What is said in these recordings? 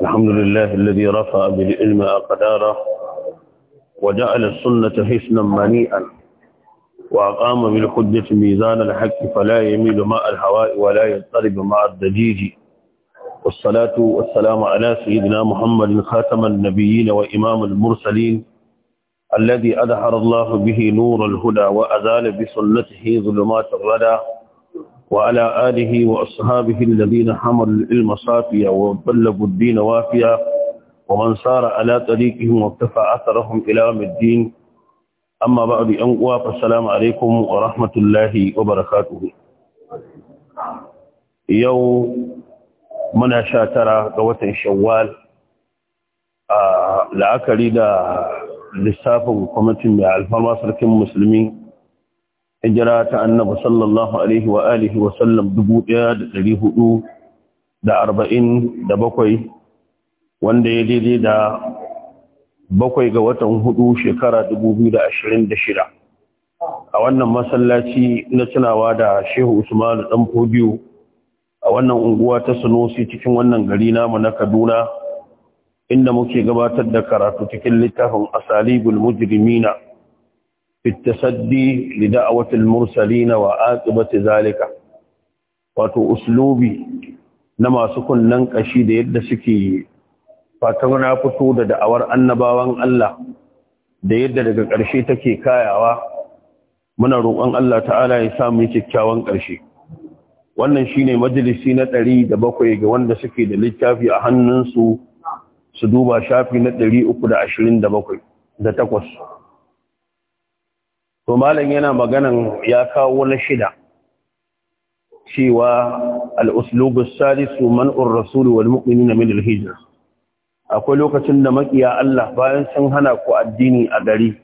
الحمد لله الذي رفع بالعلم أقداره وجعل السنة حسنا منيئا وأقام بالحجة ميزان الحق فلا يميل ماء الهواء ولا يضطرب مع الدجيج والصلاة والسلام على سيدنا محمد خاتم النبيين وإمام المرسلين الذي أدحر الله به نور الهدى وأزال بسنته ظلمات الردى وعلى آله وأصحابه الذين حملوا العلم صافيا وبلغوا الدين وافيا ومن صار على طريقهم وارتفع أثرهم إلى يوم الدين أما بعد أنقوا فالسلام عليكم ورحمة الله وبركاته يوم muna sha tara ga watan shawwal a la'akari da lissafin kwamitin mai alfarma sarkin musulmi hijira ta annabi sallallahu alaihi wa alihi wa sallam 1447 wanda ya daidai da bakwai ga watan hudu shekara 2026 a wannan masallaci na tunawa da Shehu Usman dan Fodiyo a wannan unguwa ta Sunusi cikin wannan gari namu na Kaduna inda muke gabatar da karatu cikin littafin Asalibul Mujrimina في التصدي لدعوة المرسلين وآقبة ذلك wato uslubi na masu kunnen ƙashi da yadda suke fatan na fito da da'awar annabawan Allah da yadda daga ƙarshe take kayawa muna roƙon Allah ta'ala ya sa samu kyakkyawan ƙarshe wannan shine majalisi na ɗari da bakwai ga wanda suke da littafi a hannunsu su duba shafi na ɗari uku da ashirin da takwas to malam yana maganan ya kawo na shida cewa al'uslubu salisu man'ur rasulu wal mu'minin na al hijira akwai lokacin da makiya Allah bayan sun hana ku addini a gari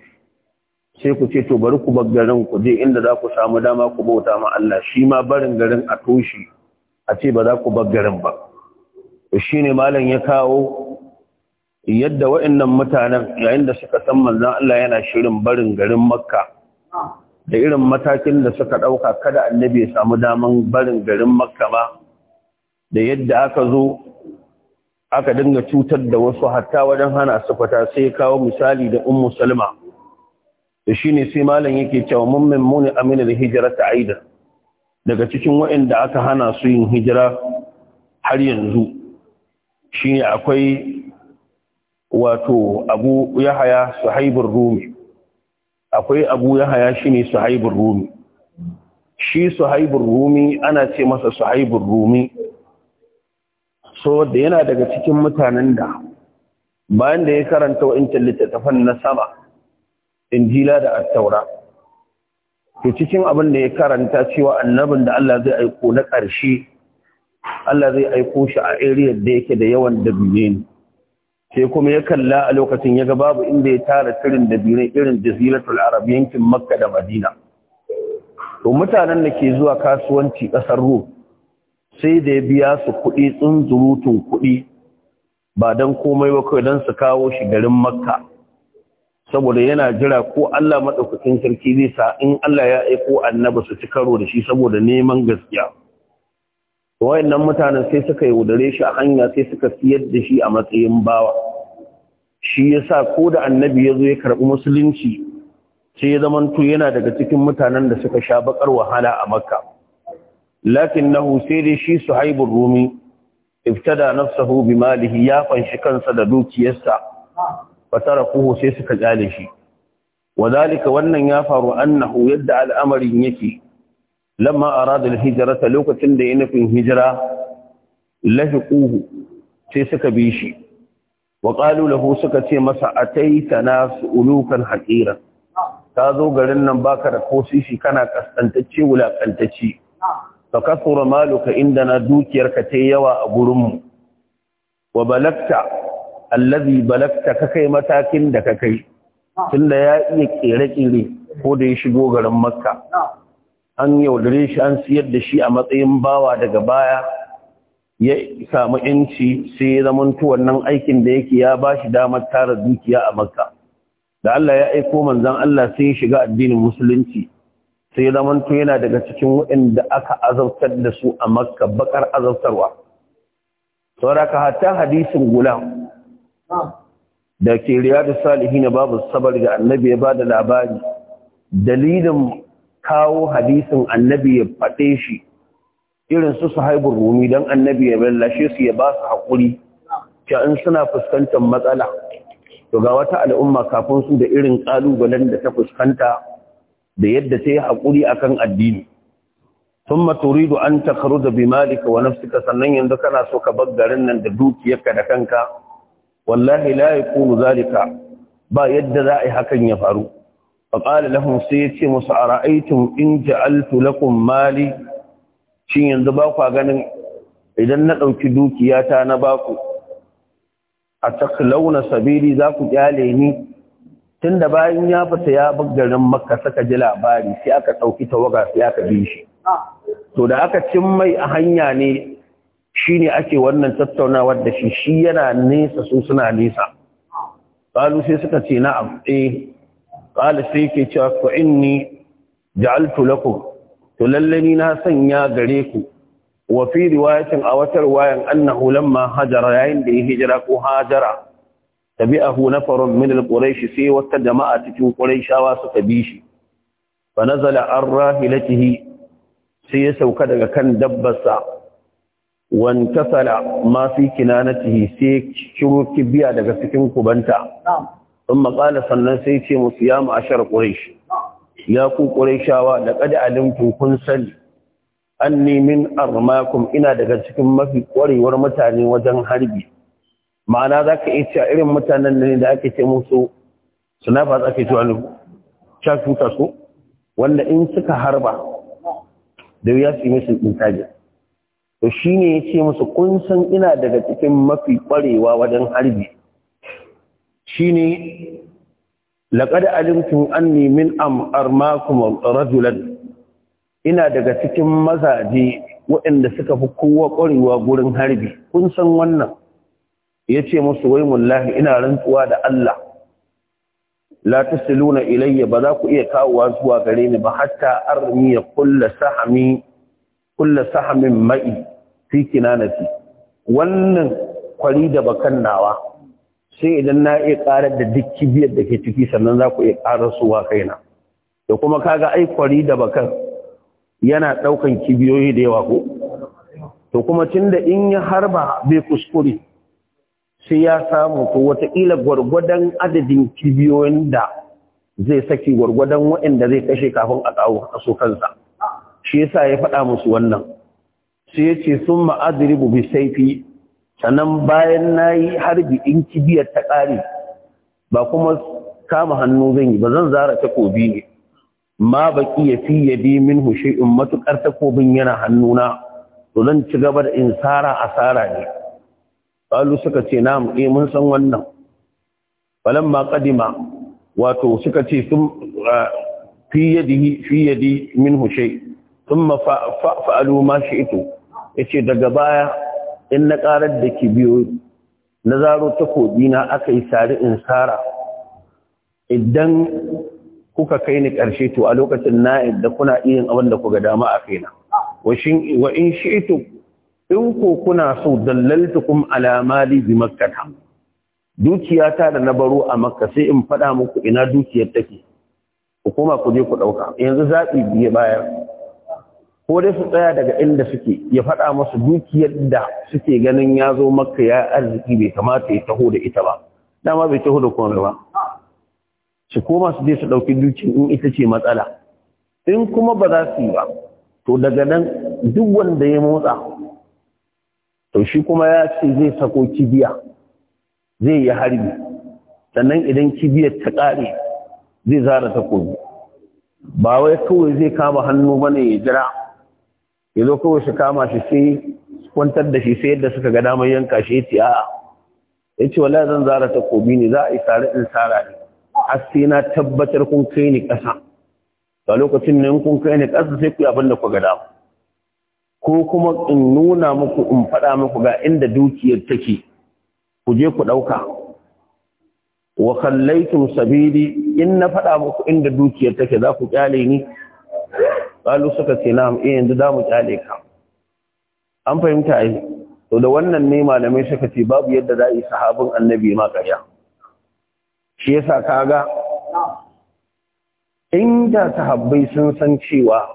sai ku ce to bari ku bar garin ku je inda za ku samu dama ku bauta ma Allah shi ma barin garin a toshi a ce ba za ku bar garin ba shine malam ya kawo yadda wa'annan mutanen yayin da suka san manzon Allah yana shirin barin garin Makka da irin matakin da suka ɗauka kada annabi ya samu daman barin garin makka ba da yadda aka zo aka dinga cutar da wasu hatta wajen hana su fata sai kawo misali da ummu salma da shi ne sai malam yake cewa mun mummuni amina da hijira ta aida daga cikin waɗanda aka hana su yin hijira har yanzu shi akwai wato abu yahaya suhaibur rumi akwai abu yahaya ne Suhaibun rumi shi Suhaibun rumi ana ce masa Suhaibun rumi so da yana daga cikin mutanen da bayan da ya karanta wa intan littattafan na sama injila da attaura to cikin abin da ya karanta cewa annabin da Allah zai aiko na ƙarshe Allah zai aiko shi a iriyar da yake da yawan dabine ne sai kuma ya kalla a lokacin ya ga babu inda ya tara tirin da biyu irin jaziratul arab yankin makka da madina to mutanen da ke zuwa kasuwanci kasar ru sai da ya biya su kuɗi tsunzurutun kuɗi ba don komai ba kawai don su kawo shi garin makka saboda yana jira ko Allah maɗaukakin sarki zai sa in Allah ya aiko annaba su ci karo da shi saboda neman gaskiya wayannan mutanen sai suka yaudare shi a hanya sai suka siyar da shi a matsayin bawa shi yasa ko da annabi ya zo ya karɓi musulunci sai ya zamanto yana daga cikin mutanen da suka sha bakar wahala a makka nahu sai dai shi suhaibu rumi iftada nafsahu malihi ya fanshi kansa da dukiyarsa fatarakuhu sai suka kyale shi wadalika wannan ya faru annahu yadda al'amarin yake lamma arada al-hijrata lokacin da ya nufin hijira lahiquhu sai suka bi shi wa qalu lahu suka ce masa nasu ulukan haqira ka zo garin nan baka da kosishi kana kastantacce wulakantacce fa kasura maluka indana dukiyarka ta yawa a gurin mu wa balakta allazi balakta, ka kai matakin da ka kai tunda ya iya kere-kere ko da ya shigo garin makka an yaudare shi an siyar da shi a matsayin bawa daga baya ya samu inci, sai ya zamantu wannan aikin da yake ya ba shi damar tara dukiya a makka da Allah ya aiko manzan Allah sai ya shiga addinin musulunci sai ya zamantu yana daga cikin waɗanda aka azabtar da su a makka bakar azabtarwa sauraka hatta hadisin gulam da ke riyadu salihi na babu sabar ga annabi ya ba da labari dalilin kawo hadisin annabi ya faɗe shi irin su su haibu rumi don annabi ya lallashe su ya ba su haƙuri in suna fuskantar matsala to ga wata al'umma kafin su da irin ƙalubalen da ta fuskanta da yadda ta yi haƙuri a kan addini sun da an takaru da malika wa nafsika sannan yanzu kana so ka bar garin nan da dukiyarka da kanka wallahi la yakunu zalika ba yadda za a yi hakan ya faru فقال لهم sai ya ce musu a ra'aitun in ja'altu lakum mali shin yanzu ba ku ganin idan na ɗauki dukiyata na baku a taklauna sabili za ku kyale ni tun bayan ya fita ya bi garin makka saka ji labari sai aka ɗauki tawaga sai aka bi shi to da aka cin mai a hanya ne shine ake wannan tattaunawar da shi shi yana nesa su suna nesa ƙalu sai suka ce na'am eh qala sai yake cewa ku inni ja'altu lakum to lallani na sanya gare ku wa fi riwayatin a watar wayan annahu lamma hajara yayin da ya hijira ko hajara tabi'ahu nafarun min al-quraish sai wata jama'a cikin quraishawa suka bi shi fa nazala an sai ya sauka daga kan dabbarsa wantasala ma fi kinanatihi sai kiro kibiya daga cikin kubanta na'am Sun maƙala sannan sai ce musu ya ma'ashar ƙuraish ya ku ƙuraishawa da ƙada alimtu kun sani an nemin armakum ina daga cikin mafi ƙwarewar mutane wajen harbi ma'ana za ka iya cewa irin mutanen ne da ake ce musu sinafa ake cewa ne shafuta su wanda in suka harba da ya su yi musu intaje to shine ya ce musu kun san ina daga cikin mafi ƙwarewa wajen harbi shine laqad alimtum anni min am armakum rajulan ina daga cikin mazaje waɗanda suka fi kowa ƙwarewa gurin harbi kun san wannan yace musu wai mullahi ina rantsuwa da Allah la tasluna ilayya ba za ku iya kawowa zuwa gare ni ba hatta armi ya kulla sahami kulla sahamin ma'i fi kinanati wannan kwari da bakan nawa sai idan na iya ƙarar da duk kibiyar da ke ciki sannan za ku iya ƙarar suwa kaina da kuma kaga ai da bakar yana ɗaukan kibiyoyi da yawa ko to kuma tun da in ya harba bai kuskure sai ya samu to wataƙila gwargwadon adadin kibiyoyin da zai saki gwargwadon waɗanda zai kashe kafin a kawo a so kansa shi yasa ya faɗa musu wannan sai ya ce sun ma'adiribu bi saifi sannan bayan na yi harbi in kibiyar ta ƙare ba kuma kama hannu zan yi ba zan zara takobi ne ma baƙi ya fi bi min hushe in matuƙar takobin yana hannuna to zan ci gaba da in sara asara ne ƙalu suka ce na mu eh, mun san wannan falan ma ƙadima wato suka ce sun fi ya fi min hushe sun ma fa'alu ma shi ito ya ce daga baya in na ƙarar da ki biyo na zaro takobi na aka yi sari in sara idan kuka kai ni ƙarshe to a lokacin na idan kuna yin abin da kuka dama a kaina wa in shi'tu in ko kuna so dallaltukum kuma mali bi dukiya dukiyata da na baro a makka sai in faɗa muku ina dukiyar take ku koma ku je ku ɗauka yanzu zaɓi biye bayan. ko dai su tsaya daga inda suke ya faɗa masu dukiyar da suke ganin ya zo maka ya arziki bai kamata ya taho da ita ba dama bai taho da komai ba su koma su je su ɗauki dukiyar in ita ce matsala in kuma ba za su yi ba to daga nan duk wanda ya motsa to shi kuma ya ce zai sako kibiya zai yi harbi sannan idan kibiyar ta ƙare zai zara takobi ba wai kawai zai kama hannu bane ya jira ya zo kawai su kama shi sai kwantar da shi sai yadda suka ga damar yanka shi ya ce a'a ya ce wala zan zara takobi ne za a yi tsare in tsara ne har sai na tabbatar kun kai ni ƙasa a lokacin nan kun kai ni ƙasa sai ku yi abin da ku ga dama ko kuma in nuna muku in faɗa muku ga inda dukiyar take ku je ku ɗauka wa kallaitum sabili in na faɗa muku inda dukiyar take za ku kyale ni ƙalu suka ce na eh yanzu za mu kyale ka an fahimta ai to da wannan ne malamai suka ce babu yadda za yi sahabin annabi ma ƙarya shi yasa kaga inda sahabbai sun san cewa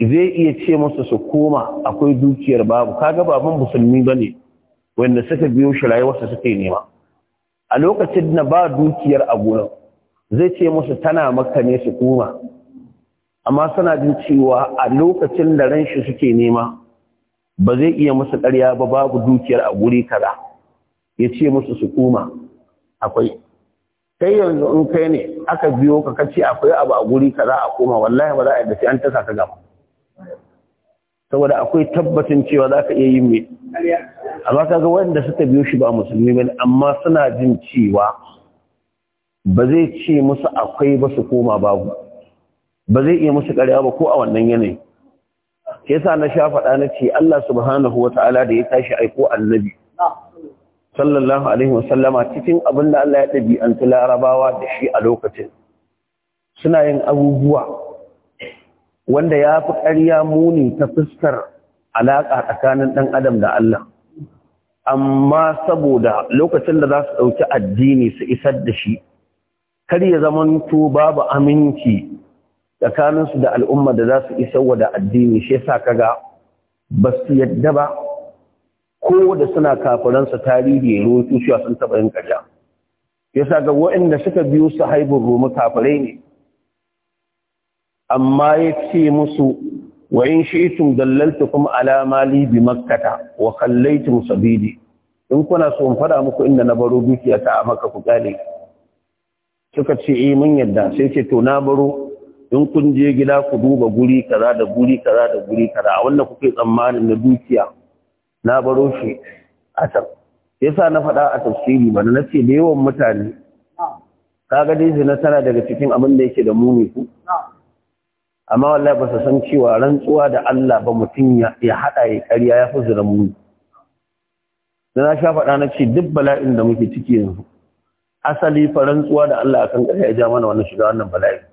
zai iya ce musu su koma akwai dukiyar babu kaga baban musulmi bane wanda suka biyo shi wasu suka yi nema a lokacin da ba dukiyar a gurin zai ce musu tana maka ne su koma amma suna jin cewa a lokacin da ran shi suke nema ba zai iya musu ƙarya ba babu dukiyar a guri kaza ya ce musu su koma akwai kai yanzu in kai ne aka biyo ka kace akwai abu a guri kaza a koma wallahi ba za a yi an ta ka gaba saboda akwai tabbacin cewa za ka iya yin me amma kaga wanda suka biyo shi ba musulmi ba amma suna jin cewa ba zai ce musu akwai ba su koma babu ba zai iya musu karya ba ko a wannan yanayi ke sa na sha faɗa na ce Allah subhanahu wa ta'ala da ya tashi aiko annabi sallallahu alaihi wa sallama cikin abin da Allah ya an ɗabi'anci larabawa da shi a lokacin suna yin abubuwa wanda ya fi karya muni ta fuskar alaƙa tsakanin ɗan adam da Allah amma saboda lokacin da za su ɗauki addini su isar da shi kar ya zamanto babu aminci tsakaninsu da al'umma da za su isa wa da addini shi yasa kaga ba su yadda ba ko da suna kafiransa tarihi ruwa shi sun taɓa yin ƙarya yasa ga waɗanda suka biyo su haibun romu kafirai ne amma ya ce musu wa in shi'tum dallaltukum ala mali bi makkata wa kallaytum sabidi in kuna so in faɗa muku inda na baro dukiya ta a maka ku kale suka ce eh mun yadda sai ce to na baro in kun je gida ku duba guri kaza da guri kaza da guri kaza a wannan kuke tsammanin na dukiya na baro shi a can yasa na faɗa a tafsiri bana na ce da yawan mutane kaga dai zina tana daga cikin abin da yake da muni ku amma wallahi ba su san cewa rantsuwa da Allah ba mutum ya haɗa ya ƙarya ya fi da muni da na sha faɗa na ce duk bala'in da muke ciki yanzu asali fa rantsuwa da Allah akan ƙarya ya ja mana wannan shiga wannan bala'in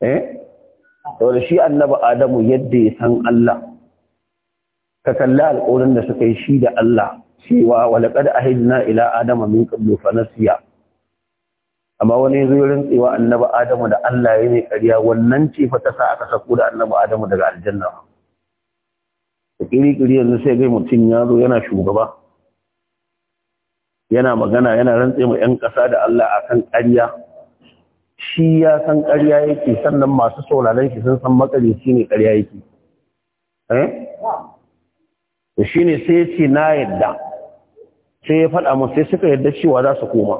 eh shi annabi adamu yadda ya san Allah ka kalli alƙawarin da suka yi shi da Allah cewa walaƙad ahidna ila adama min qablu fa nasiya amma wani zo rantsewa annabi adamu da Allah ya mai ƙarya wannan ce fa ta sa aka sako da annabi adamu daga aljanna da kiri-kiri yanzu sai ga mutum ya zo yana shugaba yana magana yana rantse mu 'yan ƙasa da Allah akan ƙarya shi ya san ƙarya yake sannan masu sauraron shi sun san shi ne ƙarya yake eh shi ne sai ya ce na yadda sai ya faɗa mu sai suka yadda cewa za su koma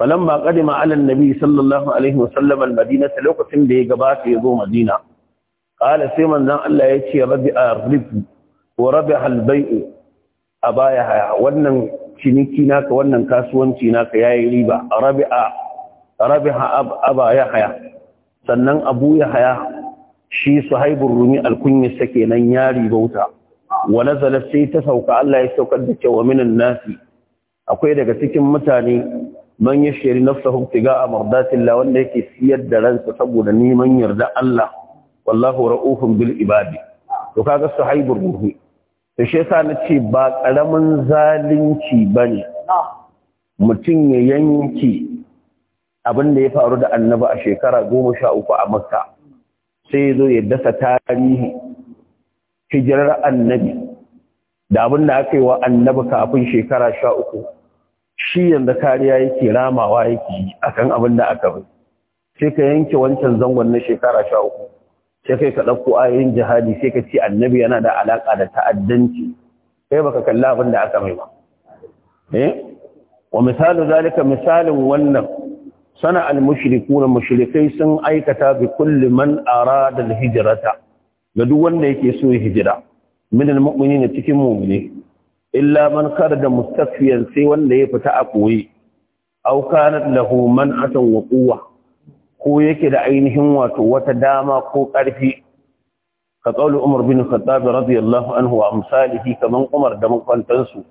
falan ba kadima alan nabi sallallahu alaihi wasallam almadina ta lokacin da ya gabata ya zo madina qala sai manzon Allah ya ce rabbi arrifu wa rabbi a abaya haya wannan ciniki naka wannan kasuwanci naka yayi riba rabi'a rabiha aba haya, sannan abu haya. shi Suhaibu rumi alkunya sake nan yari bauta. Wane nazala sai ta sauka Allah ya saukar da kyau minan nasi akwai daga cikin mutane man yashri nafsahu tiga mardatillah wanda yake siyar da ransa saboda neman yarda Allah wallahu ra'uhun bil ibadi to kaga Suhaibu rumi da shi yasa na ce ba ƙaramin zalunci ba ne mutum ya yanki abin da ya faru da annaba a shekara goma sha uku a makka sai ya zo ya dasa tarihi hijirar annabi da abin da aka yi wa annabi kafin shekara sha uku shi yanzu kariya yake ramawa yake yi a kan abin da aka bai sai ka yanke wancan zangon na shekara sha uku sai kai ka ɗauko ayoyin jihadi sai ka ce annabi yana da alaƙa da ta'addanci kai baka kalli abin da aka mai ba eh wa misalin zalika misalin wannan sana al-mushrikuna mushrikai sun aikata bi kulli man arada al-hijrata da duk wanda yake so ya hijira min al-mu'minina cikin mu'mini illa man da mustakfiyan sai wanda ya fita a koyi aw kanat lahu man'atan wa quwwa ko yake da ainihin wato wata dama ko ƙarfi ka qawlu umar bin khattab radiyallahu anhu wa amsalihi kaman umar da makwantansu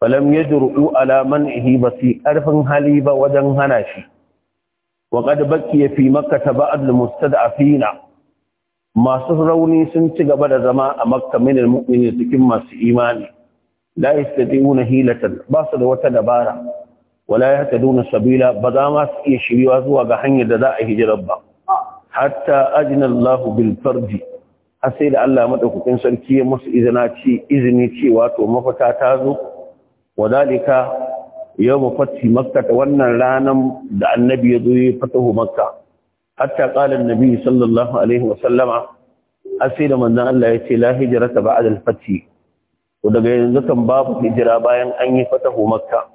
falam yajru'u ala man'ihi basi karfin hali ba wajen hana shi wa qad bakiya fi makkah ba'd al-mustad'afina masu rauni sun ci gaba da zama a makka minin al cikin masu imani la yastati'una hilatan ba su da wata dabara wala duna sabila ba za ma su iya shiriwa zuwa ga hanyar da za a hijirar ba hatta ajina Allahu bil farji har sai da Allah madaukakin sarki ya musu izina ci izini cewa to mafita ta zo wadalika yawm fathi ta wannan ranar da annabi ya zo ya fatahu makka hatta qala annabi sallallahu alaihi wa sallama asira manzon Allah yace la hijrata ba'da al-fath to daga yanzu kan babu hijira bayan an yi fatahu makka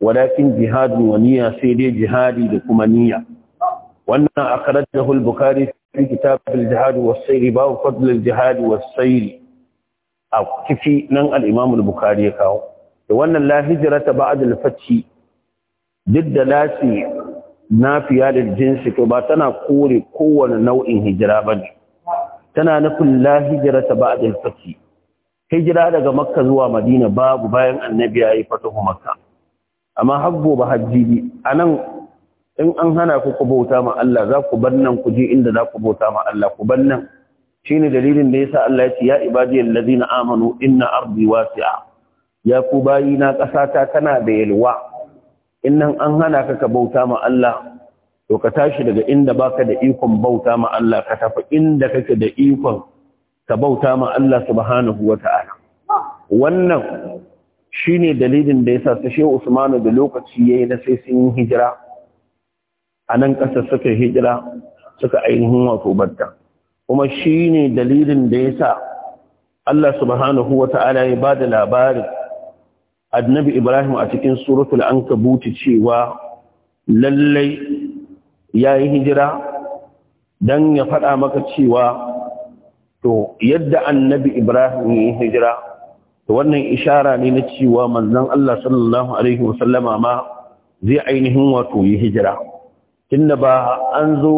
wadakin jihadi wa niyya sai dai jihadi da kuma niyya wannan akhrajahu al-bukhari في كتاب الجهاد babu باب فضل wasairi. A أو كفي نن الإمام ya kawo. da wannan la hijrata ba'd al-fathi duk da lati nafiya da jinsi to ba tana kore kowane nau'in hijira bane tana nufin la hijrata ba'd al-fathi hijira daga makka zuwa madina babu bayan annabi ya yi fatahu makka amma habbo ba hajji anan in an hana ku ku bauta ma Allah za ku bar nan ku je inda za ku bauta ma Allah ku bar nan shine dalilin da yasa Allah ya ce ya ibadiyal ladina amanu inna ardi wasi'a ya ku bayi na ƙasata tana da yalwa in nan an hana ka ka bauta ma Allah to ka tashi daga inda baka da ikon bauta ma Allah ka tafi inda kake da ikon ka bauta ma Allah subhanahu wata'ala wannan shine dalilin da yasa sa Shehu Usmanu da lokaci yayi na sai sun hijira anan nan ƙasa suka hijira suka ainihin wato batta kuma shine dalilin da yasa Allah subhanahu wata'ala ya bada labarin annabi Ibrahim a cikin suratul ankabuti cewa lallai ya yi hijira don ya faɗa maka cewa to yadda annabi Ibrahim ya yi hijira to wannan ishara ne na cewa manzon Allah sallallahu alaihi wasallama ma zai ainihin wato yi hijira tunda ba an zo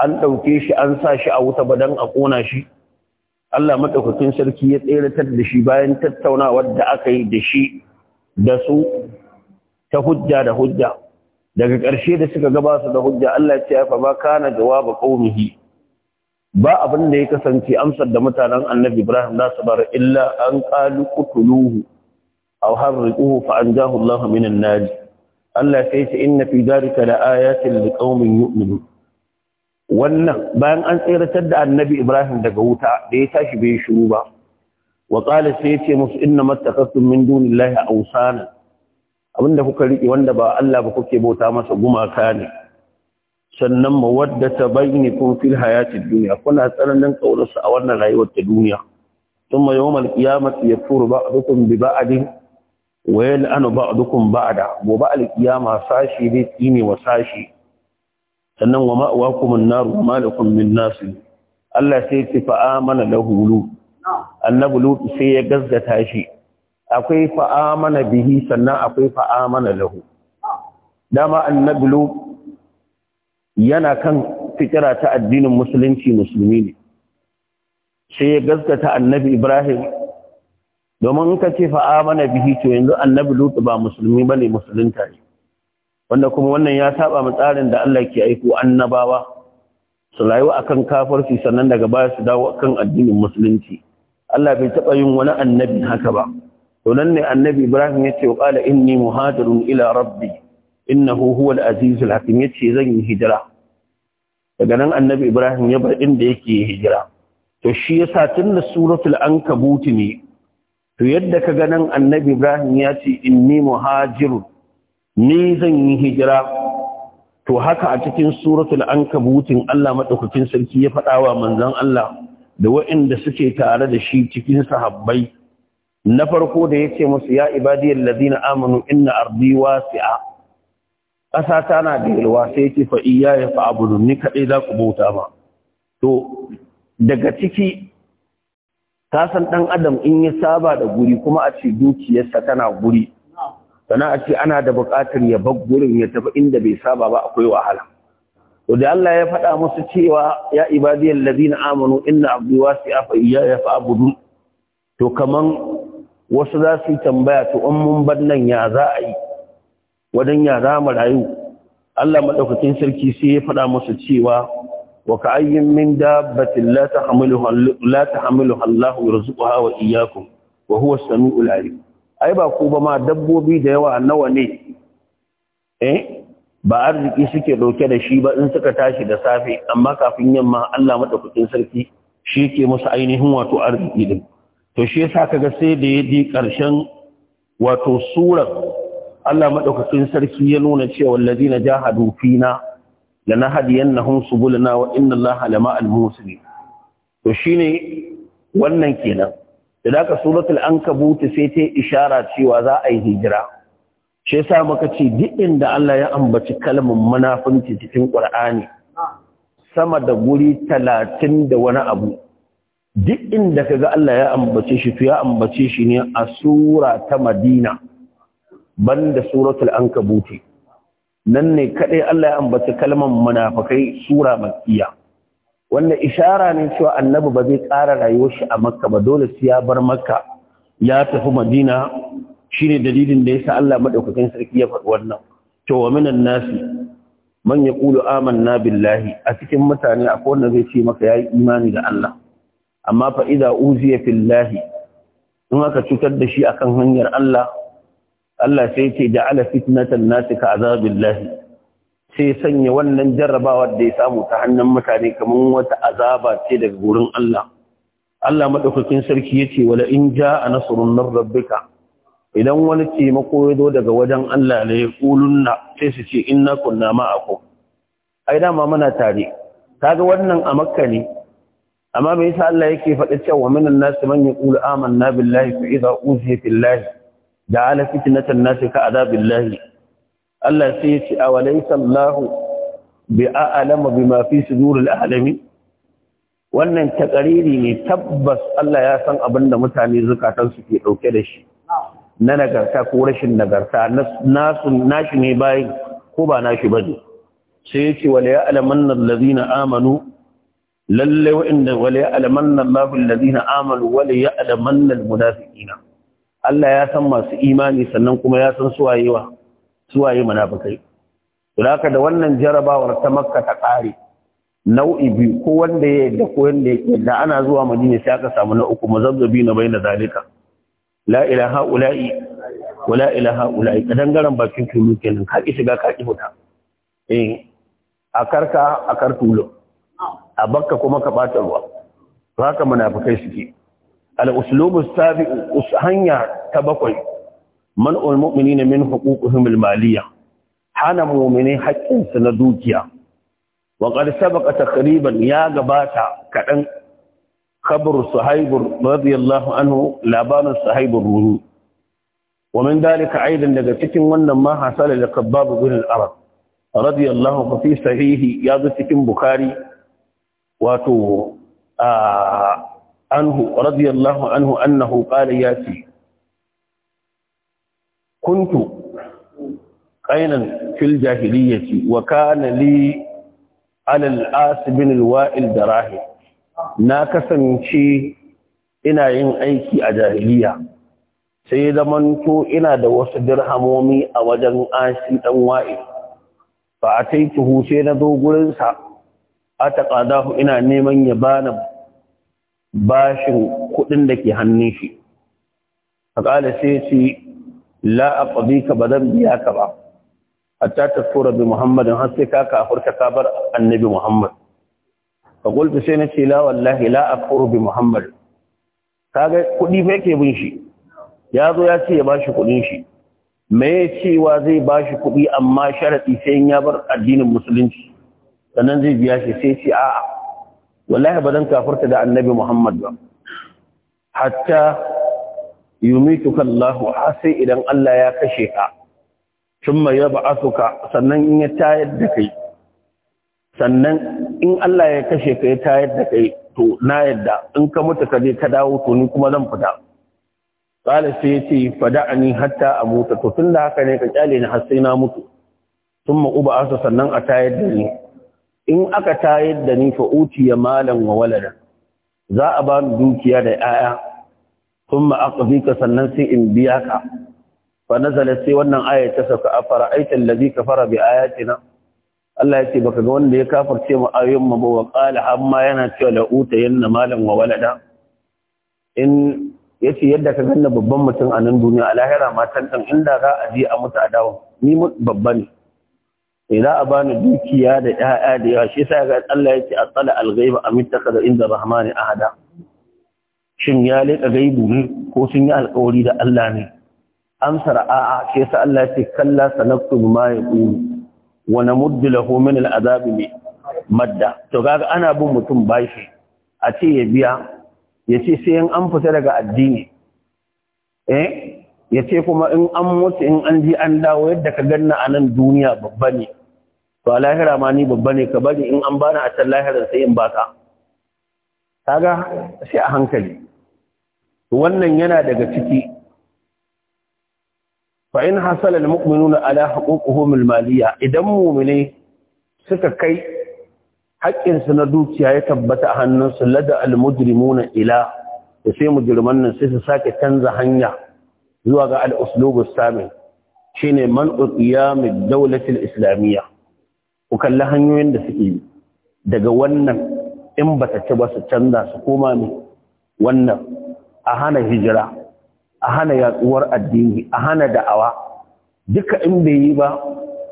an ɗauke shi an sa shi a wuta ba don a ƙona shi Allah maɗaukakin sarki ya tseratar da shi bayan tattaunawar da aka yi da shi da su ta hujja da hujja daga ƙarshe da suka gaba su da hujja Allah ya ce fa ba kana jawaba qaumihi ba abin da ya kasance amsar da mutanen Annabi Ibrahim na su bar illa an qalu a aw harriquhu fa anjahu Allah minan nar Allah sai ya ce inna fi dhalika la ayatin ƙaunin yu'minun wannan bayan an tseratar da annabi ibrahim daga wuta da ya tashi bai shiru ba wa qala sai yace musu inna mattakastum min dunillahi awsana abinda kuka rike wanda ba Allah ba kuke bauta masa gumaka ne sannan mawaddata bainakum fil hayatid dunya kuna tsananin kaurarsa a wannan rayuwar ta duniya thumma yawmal qiyamati yakfuru ba'dukum bi ba'din wa yal'anu ba'dukum ba'da gobe al-qiyama sashi ne tsine wa sashi sannan wa ma'awakum naru wa ma min nasu Allah sai ce fa'a mana lahu lut annabi lut sai ya gazga shi akwai fa'a mana bihi sannan akwai fa amana lahu dama annabi lut yana kan fikira ta addinin musulunci musulmi ne sai ya gaskata annabi Ibrahim domin in ka ce fa bihi to yanzu annabi lut ba musulmi bane musulunta ne wanda kuma wannan ya saba mu tsarin da Allah ke aiko annabawa su rayu akan kafirci sannan daga baya su dawo akan addinin musulunci Allah bai taba yin wani annabi haka ba to nan ne annabi Ibrahim ya ce wa qala inni muhajirun ila rabbi innahu huwal azizul hakim yace zan yi hijira daga nan annabi Ibrahim ya bar inda yake hijira to shi yasa tun da suratul ankabut ne to yadda ka ganin annabi Ibrahim ya ce inni muhajirun ni zan yi hijira to haka a cikin suratul ankabutin Allah madaukakin sarki ya faɗawa wa manzon Allah da waɗanda suke tare da shi cikin sahabbai na farko da yace musu ya ibadiyal ladina amanu inna ardi wasi'a ƙasa tana da yalwa sai yake fa ya fa abudu ni kaɗai za ku bauta ba to daga ciki ka san ɗan adam in ya saba da guri kuma a ce dukiyarsa tana guri sana'a ce ana da buƙatar ya bar gurin ya tafi inda bai saba ba akwai wahala to da Allah ya faɗa musu cewa ya ibadiyal ladina amanu inna abdi wasi'a iya iyya fa'budu to kaman wasu za su tambaya to in mun bar nan ya za a yi wadan ya za mu rayu Allah madaukakin sarki sai ya faɗa musu cewa wa ka'ayyin min dabbatin la tahmiluha la tahmiluha Allah yarzuquha wa iyyakum wa huwa as-sami'ul 'alim ai ba ku ba ma dabbobi da yawa nawa ne eh ba arziki suke dauke da shi ba in suka tashi da safe amma kafin yamma Allah madaukakin sarki shi ke musu ainihin wato arziki din to shi yasa kaga sai da ya di karshen wato surar Allah madaukakin sarki ya nuna cewa allazina jahadu fina lanahdiyannahum subulana wa inna Allaha lama'al muslimin to shine wannan kenan da ka suratul ankabut sai ta ishara cewa za a yi hijira shi yasa muka ce duk inda Allah ya ambaci kalmar munafinci cikin Qur'ani sama da guri 30 da wani abu duk inda kaga Allah ya ambace shi to ya ambace shi ne a sura ta Madina banda suratul ankabut nan ne kadai Allah ya ambaci kalmar munafikai sura makkiya wanda ishara ne cewa annabi ba zai ƙara rayuwa shi a makka ba dole sai ya bar makka ya tafi madina ne dalilin da ya sa Allah madaukakin sarki ya faɗi wannan to wa minan nasi man ya yaqulu amanna billahi a cikin mutane akwai wanda zai ce maka ya yi imani da Allah amma fa idza uziya fillahi in aka cutar da shi akan hanyar Allah Allah sai ya ce ja'ala fitnatan nasi ka azabillahi sai sanya wannan jarrabawar da ya samu ta hannun mutane kamar wata azaba ce daga gurin Allah Allah madaukakin sarki yace wala in a nasrun min rabbika idan wani ce ya zo daga wajen Allah ne na sai su ce inna kunna ma'akum ai dama muna tare kaga wannan a makka ne amma me yasa Allah yake faɗa cewa minan nas man yaqulu amanna billahi fa idza uziya fillahi ja'ala fitnatan nas ka azabillahi Allah sai ya ce a walaysa Allahu bi a'lamu bima fi suduril alamin wannan takariri ne tabbas Allah ya san abin da mutane zukatansu ke dauke da shi na nagarta ko rashin nagarta nasu nashi ne bayan ko ba nashi bane sai yace wala ya'lamanna allazina amanu lalle wa'inda wala ya'lamanna Allahu allazina amanu wala ya'lamanna almunafiqina Allah ya san masu imani sannan kuma ya san su wayewa suwaye munafikai to haka da wannan jarabawar ta makka ta kare nau'i biyu ko wanda ya yadda ko wanda ya da ana zuwa madina sai aka samu na uku mazabbabi na bayyana zalika la ilaha ula'i la ilaha ula'i kadangaren bakin tulu kenan ka ki shiga ka ki fita eh a karka a kar tulu a bakka kuma ka bata ruwa haka munafikai suke al uslubu sabi'u hanya ta bakwai من المؤمنين من حقوقهم المالية حان مؤمنين حق سندوكيا وقد سبق تقريبا يا قباتا كأن خبر صحيب رضي الله عنه لابان صحيب الروح ومن ذلك أيضا لقتكم وأن ما حصل لقباب بن الأرض رضي الله عنه في صحيح يا قتكم بخاري واتو آه عنه رضي الله عنه أنه قال ياسي kuntu qainan fil jahiliyyati wa kana li ala al-as bin al-wa'il darahi na kasance ina yin aiki a jahiliya sai zamanto ina da wasu dirhamomi a wajen ɗan-wa'i. wa'il fa ataituhu sai na zo gurin sa ataqadahu ina neman ya bana bashin kuɗin da ke hannun shi a sai ce la aqdika bazan biya ka ba hatta tasura bi muhammadin har sai ka kafurta ka bar annabi muhammad fa qultu sai nace la wallahi la kaga kuɗi yake bin shi ya zo ya ce ya bashi kudin shi me cewa zai bashi kudi amma sharadi sai ya bar addinin musulunci sannan zai biya shi sai ce a'a wallahi bazan kafurta da annabi muhammad ba hatta yumituka Allahu sai idan Allah ya kashe ka ya yab'athuka sannan in ya tayar da kai sannan in Allah ya kashe ka ya tayar da kai to na yadda in ka mutu ka je ka dawo to ni kuma zan fita qala sai yace fada'ani hatta amuta to tun da haka ne ka kyale ni har sai na mutu thumma ub'athu sannan a tayar da ni in aka tayar da ni fa utiya malan wa walada za a ba ni dukiya da 'ya'ya ثم اقضي كسنن سي ان بياك فنزل سي wannan aya ta saka a fara'aita allazi kafara bi ayatina Allah yake baka ga wanda ya kafirce mu ayyun mu ba wa qala amma yana cewa la uta yanna malan wa walada in yace yadda ka ganna babban mutum a nan duniya a lahira ma tan tan inda za a je a mutu a dawo ni mu babba ne idan eh, a bani dukiya da 'ya'ya da yawa shi yasa ga Allah yake atala al-ghaiba am ittakhadha inda rahmani ahada shin ya leƙa gaibu ne ko sun yi alƙawari da Allah ne amsar a'a ce sa Allah ya ce kalla sanaktu ma ya yaqulu wa namuddu lahu min al'azab madda to kaga ana bin mutum bashi a ce ya biya ya ce sai in an fita daga addini eh ya ce kuma in an mutu in an ji an dawo yadda ka ganna a nan duniya babba ne to a lahira ma ni babba ne ka bari in an bani a can lahirar sai in baka kaga sai a hankali wannan yana daga ciki fa in hasala almu'minuna ala huquqihim almaliya idan mu'mine suka kai haƙƙinsu na dukiya ya tabbata a hannunsu lada almujrimuna ila da sai mujriman nan sai su sake canza hanya zuwa ga al-uslubu samin shine man mai ad-dawlati al-islamiyya ku kalli hanyoyin da suke daga wannan in bata ci ba su canza su koma ne wannan a hana hijira a hana yatsuwar addini a hana da'awa duka in bai yi ba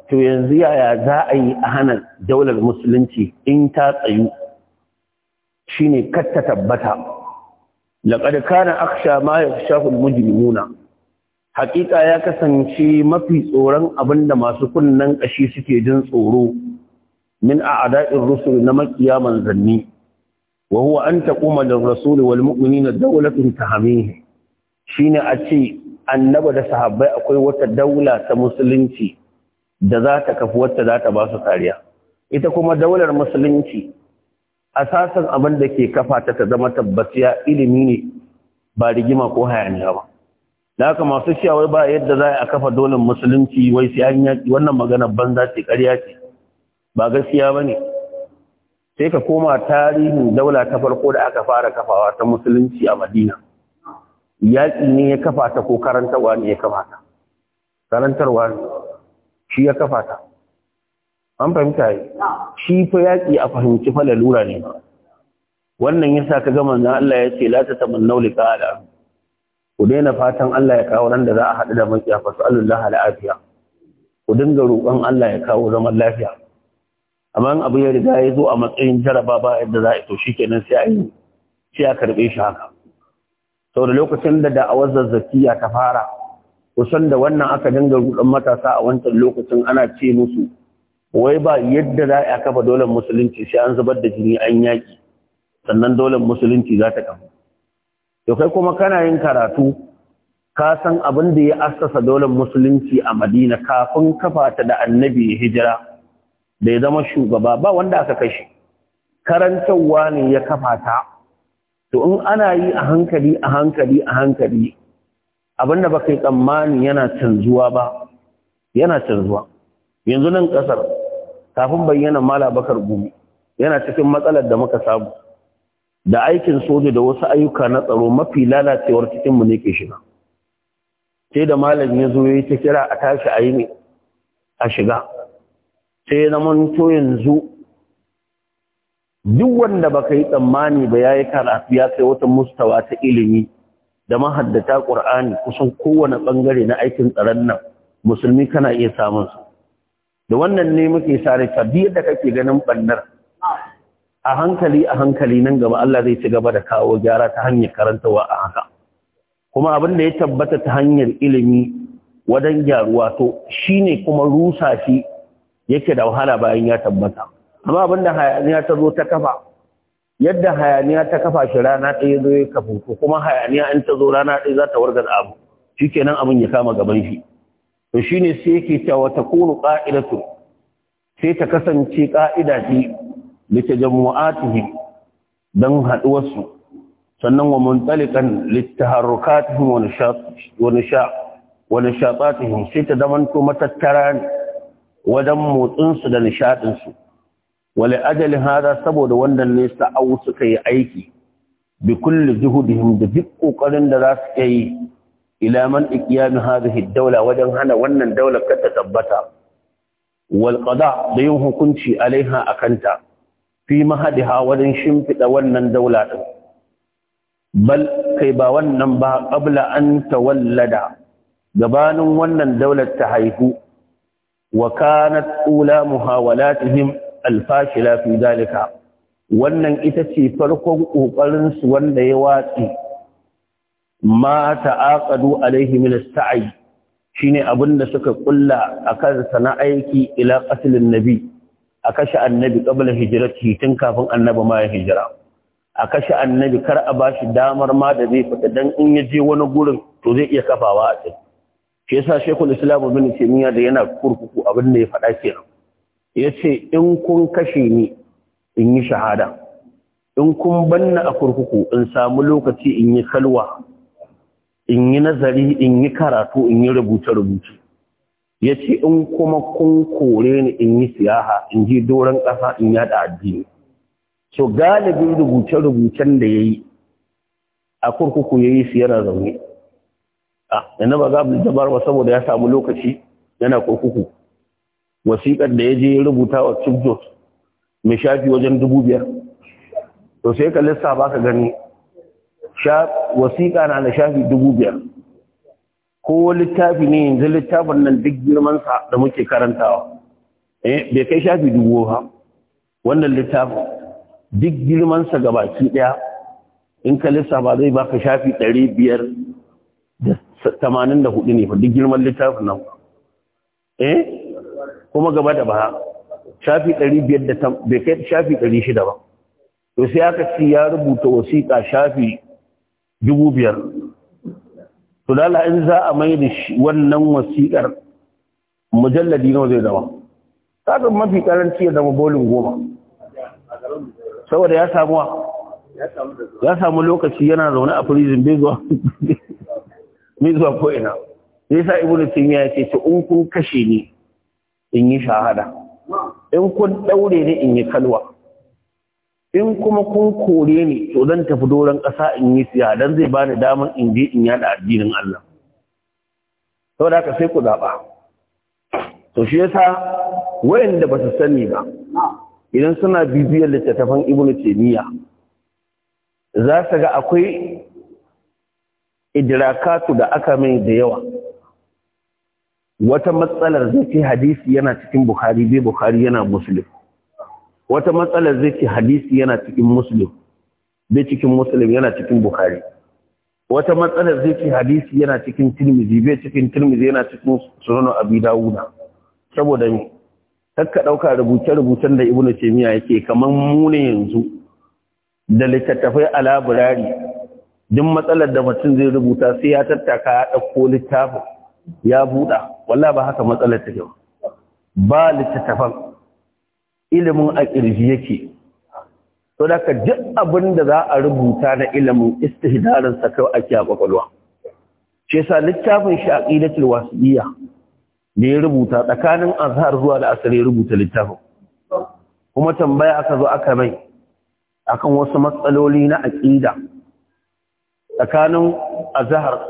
to yanzu yaya za a yi a hana daular musulunci in ta tsayu shine katta tabbata laqad kana akhsha ma yakhshahu al nuna. haƙiƙa ya kasance mafi tsoron abinda masu kunnen ƙashi suke jin tsoro min a a'da'ir rusul na makiya manzanni wa huwa an taquma lir rasul wal mu'minina dawlatun tahamihi shine a ce annaba da sahabbai akwai wata daula ta musulunci da za ta kafi wata za ta ba su kariya ita kuma daular musulunci asasan abin da ke kafa ta zama tabbaciya ilimi ne ba rigima ko hayaniya ba da haka masu cewa ba yadda za a kafa dolin musulunci wai sai an yaki wannan maganar banza ce ƙarya ce ba gaskiya ba ne sai ka koma tarihin daula ta farko da aka fara kafawa ta musulunci a madina yaƙi ne ya kafa ta ko karantarwa ne ya kafa ta karantarwa ne shi ya kafa ta an fahimta yi shi fa yaƙi a fahimci fa lalura ne wannan ya sa ka gama na Allah ya ce la ta naule ka da ku daina fatan Allah ya kawo nan da za a haɗu da maƙiya fa sallallahu ku dinga roƙon Allah ya kawo zaman lafiya amma abu ya riga ya zo a matsayin jaraba ba yadda za a to shi kenan sai a yi sai a karbe shi haka saboda lokacin da da'awar zazzafiya ta fara kusan da wannan aka dinga rudan matasa a wancan lokacin ana ce musu wai ba yadda za a kafa dolar musulunci sai an zubar da jini an yaki, sannan dolar musulunci za ta kafa to kai kuma kana yin karatu ka san abin da ya assasa daular musulunci a madina kafin kafa ta da annabi hijira da zama shugaba ba wanda aka kashe karantarwa ne ya kafa ta to in ana yi a hankali a hankali a hankali abinda baka yi tsammani yana canzuwa ba yana canzuwa yanzu nan kasar kafin bayyana mala bakar gumi yana cikin matsalar da muka samu da aikin soja da wasu ayyuka na tsaro mafi lalacewar cikinmu ne ke shiga sai da malam ya zo ya yi ta kira a tashi a yi ne a shiga sai na manto yanzu duk wanda baka yi tsammani ba ya yi karatu ya kai wata mustawa ta ilimi da mahaddata Ƙur'ani kusan kowane bangare na aikin tsaron nan musulmi kana iya samun su da wannan ne muke sare yadda da kake ganin ɓannar a hankali a hankali nan gaba Allah zai ci gaba da kawo gyara ta hanyar karantawa a haka kuma abin da ya tabbata ta hanyar ilimi wadan gyaruwa to shine kuma rusa shi yake da wahala bayan ya tabbata amma abinda hayaniya ta zo ta kafa yadda hayaniya ta kafa shi rana ɗaya zo ya kafu ko kuma hayaniya in ta zo rana ɗaya za ta wargaza abu kenan abin ya kama gaban shi to shine sai yake ta wata kunu ƙa'idatu, sai ta kasance ƙa'ida ce ta jama'atuhi don su sannan wa muntalikan litaharrukatihim wani nishat sai ta zamanto matattara wajen motsinsu da nishaɗinsu wale ajali haza saboda wannan ne sa'au suka yi aiki bi kulli da duk ƙoƙarin da za su yi ilaman man iqyam daula, wajen hana wannan daular ka ta tabbata wal da yin hukunci alaiha kanta, fi mahadiha wajen shimfiɗa wannan daula din bal kai ba wannan ba qabla an tawallada gabanin wannan daular ta haihu وكانت اولى محاولاتهم الفاشله في ذلك wannan ita ce farkon ƙoƙarinsu wanda ya watsi ma ta'aqadu alaihi min as-sa'i shine abinda suka kulla akan sana aiki ila qatlin nabi a kashe annabi qabla hijratihi tun kafin annabi ma ya hijira a kashe annabi kar a bashi damar ma da zai fita dan in ya je wani gurin to zai iya kafawa a cikin shi yasa shekul islam ibn taymiya da yana kurkuku abin da ya faɗa kenan yace in kun kashe ni in yi shahada in kun banna a kurkuku in samu lokaci in yi kalwa in yi nazari in yi karatu in yi rubuce-rubuce yace in kuma kun kore ni in yi siyaha in ji doron ƙasa in yada addini so galibin rubuce-rubucen da yayi a kurkuku yayi yi su yana zaune Ah, yana ba mu jabar ba saboda ya samu lokaci yana kurkuku wasiƙar da ya je ya rubuta wa chief judge mai shafi wajen dubu biyar to sai ka lissa ba ka gani wasiƙa na da shafi dubu biyar ko littafi ne yanzu littafin nan duk girmansa da muke karantawa eh, bai kai shafi dubu ba wannan littafin duk girmansa ga baki ɗaya in ka lissa ba zai baka shafi ɗari biyar da tamanin da hudu ne fa duk girman littafin nan eh kuma gaba da ba shafi ɗari biyar da bai kai shafi ɗari shida ba to sai aka ci ya rubuta wasiƙa shafi dubu biyar to lala in za a mai da wannan wasiƙar mujalladi nawa zai zama kaga mafi karanci ya zama bolin goma saboda ya samu ya samu lokaci yana zaune a prison bai zuwa ni zuwa ko ina ibu ibnu taymiya yace ce in kun kashe ni in yi shahada in kun ɗaure ni in yi kalwa in kuma kun kore ni to zan tafi doron ƙasa in yi siya don zai bani damar in je in yada addinin Allah da haka sai ku zaɓa to shi yasa wayanda ba su sani ba idan suna bibiyar littattafan ibnu taymiya za su ga akwai idrakatu da aka mai da yawa wata matsalar zai hadisi yana cikin bukhari bai bukhari yana muslim wata matsalar zai ce hadisi yana cikin muslim bai cikin muslim yana cikin bukhari wata matsalar zai ce hadisi yana cikin tirmizi bai cikin tirmizi yana cikin sunan abi dawuda saboda ni, kakka dauka rubuce rubucen da ibnu taymiya yake kaman mu ne yanzu da littattafai a laburari duk matsalar da mutum zai rubuta sai ya tattaka ya ɗauko littafin ya buɗa wallah ba haka matsalar take ba Ba littattafan ilimin a ƙirji yake to da ka duk abin da za a rubuta na ilimin istihdarin sa kai ake a kwakwalwa shi yasa littafin shi aqidatul wasiliya da ya rubuta tsakanin azhar zuwa da asar ya rubuta littafin kuma tambaya aka zo aka mai akan wasu matsaloli na aƙida. tsakanin Azahar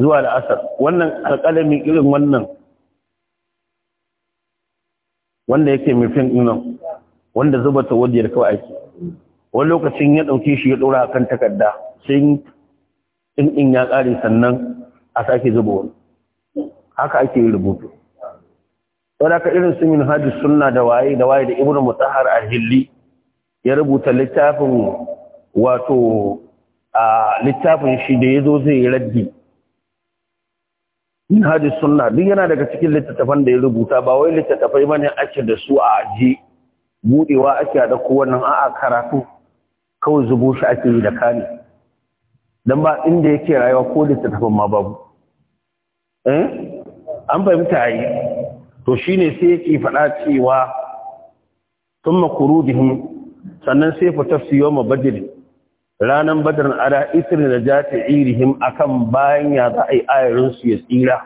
zuwa al'asar wannan alƙalami irin wannan wanda yake mai fin ɗinan wanda zuba ta wadiyar kawai aiki, wani lokacin ya ɗauke shi ya ɗora a kan takarda sai ɗin ya ƙare sannan a sake zuba wani haka ake rubutu wadda ka irin su min hajji suna da waye da waye da ibn mutahar a hilli ya rubuta littafin wato a littafin shi da ya zo zai yi raddi minhajus sunna duk yana daga cikin littattafan da ya rubuta ba wai littattafai bane ake da su a aji budewa ake da wannan a'a karatu kawai zubo shi ake yi da kani don ba inda yake rayuwa ko littattafan ma babu eh an fahimta yi to shi ne sai yake faɗa cewa thumma kurudihim sannan sai fa tafsiyo ma bajirin. ranan badar ala isri na iri irihim akan bayan ya za a yi ayarin su ya tsira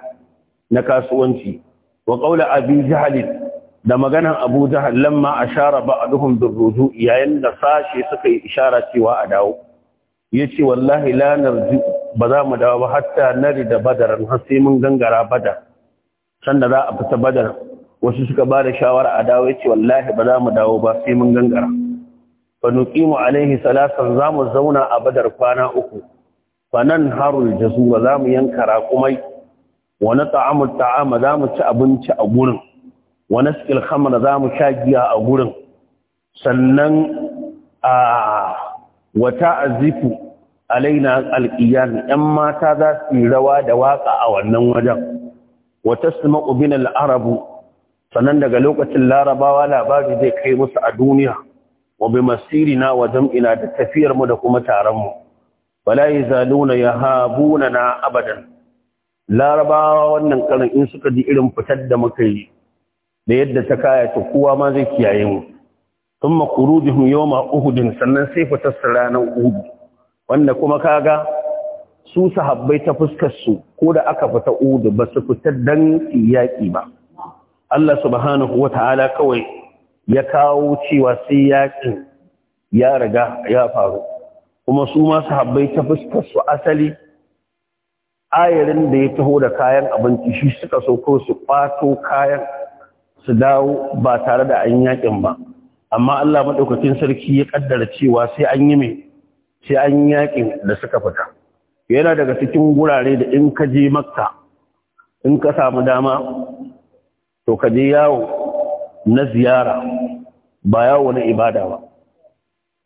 na kasuwanci wa qaula abi jahl da maganan abu shara ba a duhun birruju yayin da sashe suka yi ishara cewa a dawo yace wallahi lanar narji ba za mu dawo ba hatta nari da badaran har sai mun gangara badar sanda za a fita badar wasu suka ba da shawara a dawo ya ce wallahi ba za mu dawo ba sai mun gangara fa nuqimu alaihi salasan zamu zauna a badar kwana uku fa nan harul jazura zamu yanka raƙumai wa nat'amu ta'ama zamu ci abinci a gurin wa naskil khamra zamu sha giya a gurin sannan a wata azifu alaina alƙiyan ‘yan mata za su yi rawa da waƙa a wannan wajen, wata su maƙubin al'arabu, sannan daga lokacin larabawa labari zai kai musu a duniya, wa bi masirina wa jam'ina da tafiyar mu da kuma taron mu wala ya yahabuna na abadan larabawa wannan karin in suka ji irin fitar da muka yi da yadda ta kaya ta kowa ma zai kiyaye mu thumma khurujihum yawma uhud sannan sai fitar ranar uhud wanda kuma kaga su sahabbai ta fuskar su ko da aka fita uhud ba su fitar dan yaƙi ba Allah subhanahu wataala kawai ya kawo cewa sai yaƙin ya riga ya faru kuma su masu habbai ta fuskar su asali ayarin da ya taho da kayan abinci shi suka so su kwato kayan su dawo ba tare da an yaƙin ba amma Allah maɗaukacin sarki ya ƙaddara cewa sai an yi mai sai an yaƙin da suka fita yana daga cikin gurare da in ka je makka in ka samu dama to ka je yawo na ziyara ba yawo na ibada ba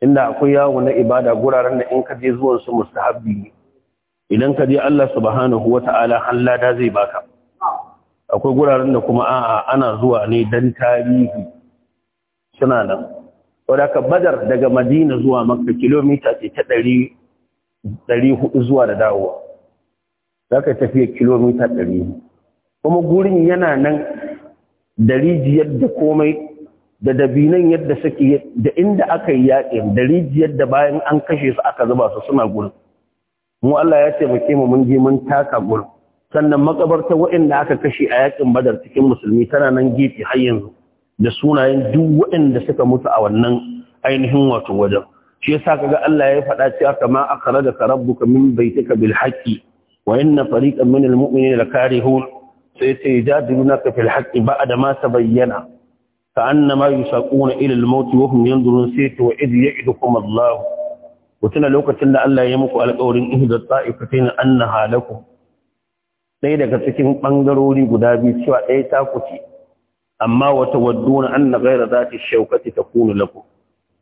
inda akwai yawo na ibada guraren da in ka je zuwan su mustahabbi idan ka je Allah subhanahu ta'ala har lada zai baka akwai guraren da kuma a'a ana zuwa ne dan tarihi suna nan wadaka ka badar daga madina zuwa makka kilomita ce ta ɗari hudu zuwa da dawowa za ka tafiya kilomita ɗari kuma gurin yana nan da rijiyar da komai da dabinan yadda suke da inda aka yi yaƙin da rijiyar da bayan an kashe su aka zuba su suna gurin mu Allah ya taimake mu mun je mun taka gurin sannan makabarta waɗanda aka kashe a yaƙin badar cikin musulmi tana nan gefe har yanzu da sunayen duk waɗanda suka mutu a wannan ainihin wato wajen shi yasa kaga Allah ya faɗa cewa kama akhrajaka rabbuka min baitika bil haqqi wa inna fariqan minal mu'minina lakarihun sai ce jadilunaka fil haqqi ba'da ma tabayyana ka'annama yusaquna ila al-maut wa hum yanzurun sai wa id ya'idukum Allah wutuna lokacin da Allah ya muku alƙawarin ihdat ta'ifatin annaha lakum ɗaya daga cikin ɓangarori guda biyu cewa ɗaya ta ci. amma wata wadduna anna ghayra zati shawkati takunu lakum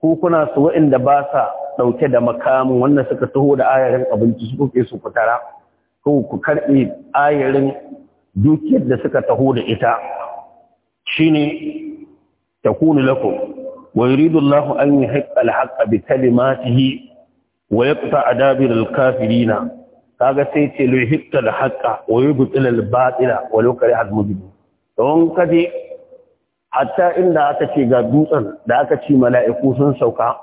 ku kuna su waɗanda ba sa ɗauke da makamin wanda suka taho da ayarin abinci su kuke su fitara ko ku karɓe ayarin dukiyar da suka taho da ita shine takunu lakum wa yuridu Allahu an yuhiqqa al-haqqa bi kalimatihi wa yaqta adabir al-kafirin kaga sai ce lu yuhiqqa da haƙƙa wa yubtil al-batila wa law kariha al-mujrimun don kaje hatta inda aka ce ga dutsen da aka ce mala'iku sun sauka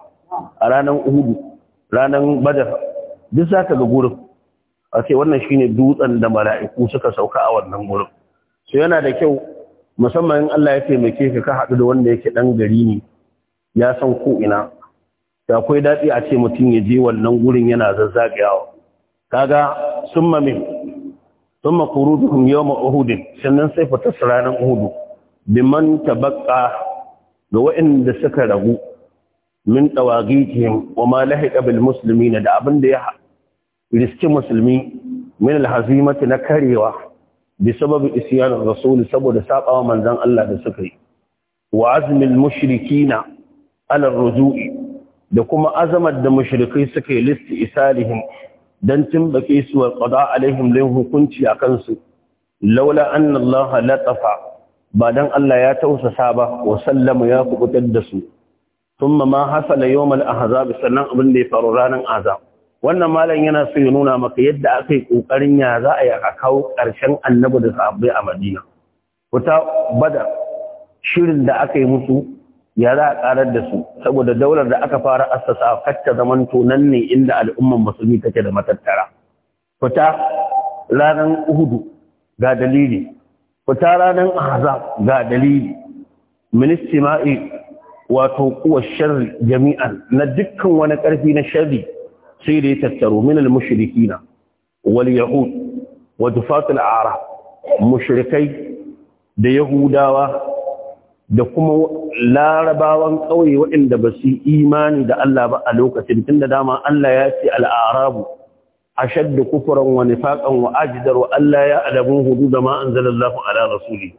a ranar uhudu ranar Badar duk zaka ga gurin a ce wannan shine dutsen da mala'iku suka sauka a wannan wurin. Su yana da kyau musamman in Allah ya taimake ka ka haɗu da wanda yake ɗan gari ne ya san ko ina da akwai daɗi a ce mutum ya je wannan gurin yana zazzagiyawa kaga summa min summa kun yawon uhud sannan sai fata saranan uhud biman tabaqqa ga waɗanda suka ragu min tawagitihim wa ma lahiqa bil na da abin da ya riski musulmi min alhazimati na karewa bi sababi isyanin rasul saboda sabawa manzon Allah da suka yi wa azmil mushrikina ala rujui da kuma azamar da mushrikai suka yi listi isalihim dan timbake su wa qada alaihim lin hukunci akan su laula anna Allah latafa ba dan Allah ya tausasa ba wa sallama ya kubutar da su thumma ma hasala yawmal ahzab sannan abin da ya faru ranar azab wannan malam yana so ya nuna maka yadda aka yi ƙoƙarin ya za a yi a kawo ƙarshen annabi da sahabbai a madina wata bada shirin da aka yi musu ya za a ƙarar da su saboda daular da aka fara assasa kacce zamanto nan ne inda al'umman musulmi take da matattara fita ranar uhudu ga dalili fita ranar ahzab ga dalili ministima'i wato kuwa sharri jami'an na dukkan wani ƙarfi na sharri sai da ya tattaro min al-mushrikina wal yahud wa dufat arab mushrikai da yahudawa da kuma larabawan ƙauye waɗanda ba su imani da Allah ba a lokacin tun da dama Allah ya ce al'arabu a shadda kufuran wa nifaƙan wa Allah ya adabin hudu da ma'an zalallahu ala rasuli.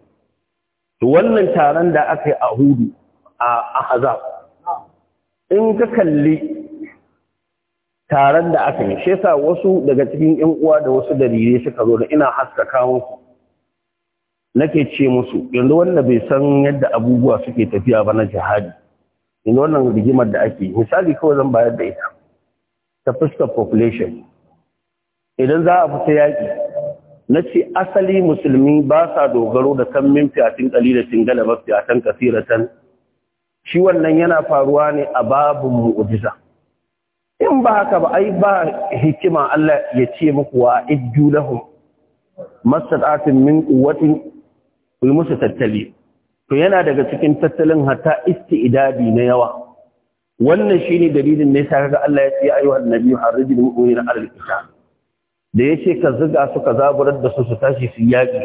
wannan taron da aka yi a hudu a in ka kalli taron da aka yi shi wasu daga cikin 'yan uwa da wasu dalilai suka zo da ina haskaka musu nake ce musu yanzu wanda bai san yadda abubuwa suke tafiya ba na jihadi yanzu wannan rigimar da ake misali kawai zan bayar da ita ta fuskar population idan za a fita yaƙi na ce asali musulmi ba sa dogaro da kammin fiyatin ƙalilatin galabar fiyatan kasiratan shi wannan yana faruwa ne a babin mu'ujiza in ba haka ba ai ba hikima Allah ya ce muku wa iddu lahum min quwwatin ku musu tattali to yana daga cikin tattalin hatta isti'dabi na yawa wannan shine dalilin ne sai kaga Allah ya ce ayyuhan nabiyyu harrijil mu'minina alal qital da yace ka zuga su ka zaburar da su su tashi su yaki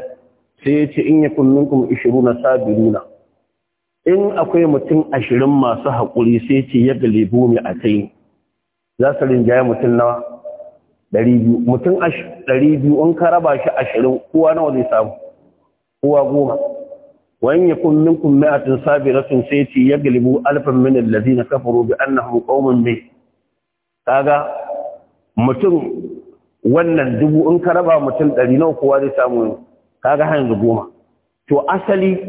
sai yace in yakun minkum 20 sabiruna in akwai mutum 20 masu hakuri sai yace ya galibu mi a kai za su rinjaye mutum nawa ɗari biyu mutum ɗari biyu in ka raba shi ashirin kowa nawa zai samu kowa goma ya kun وإن يكن منكم مئة صابرة سيتي يغلبوا ألفا من الذين كفروا بأنهم قوم به kaga mutum wannan dubu in ka raba mutum ɗari nawa kowa zai samu kaga har yanzu goma to asali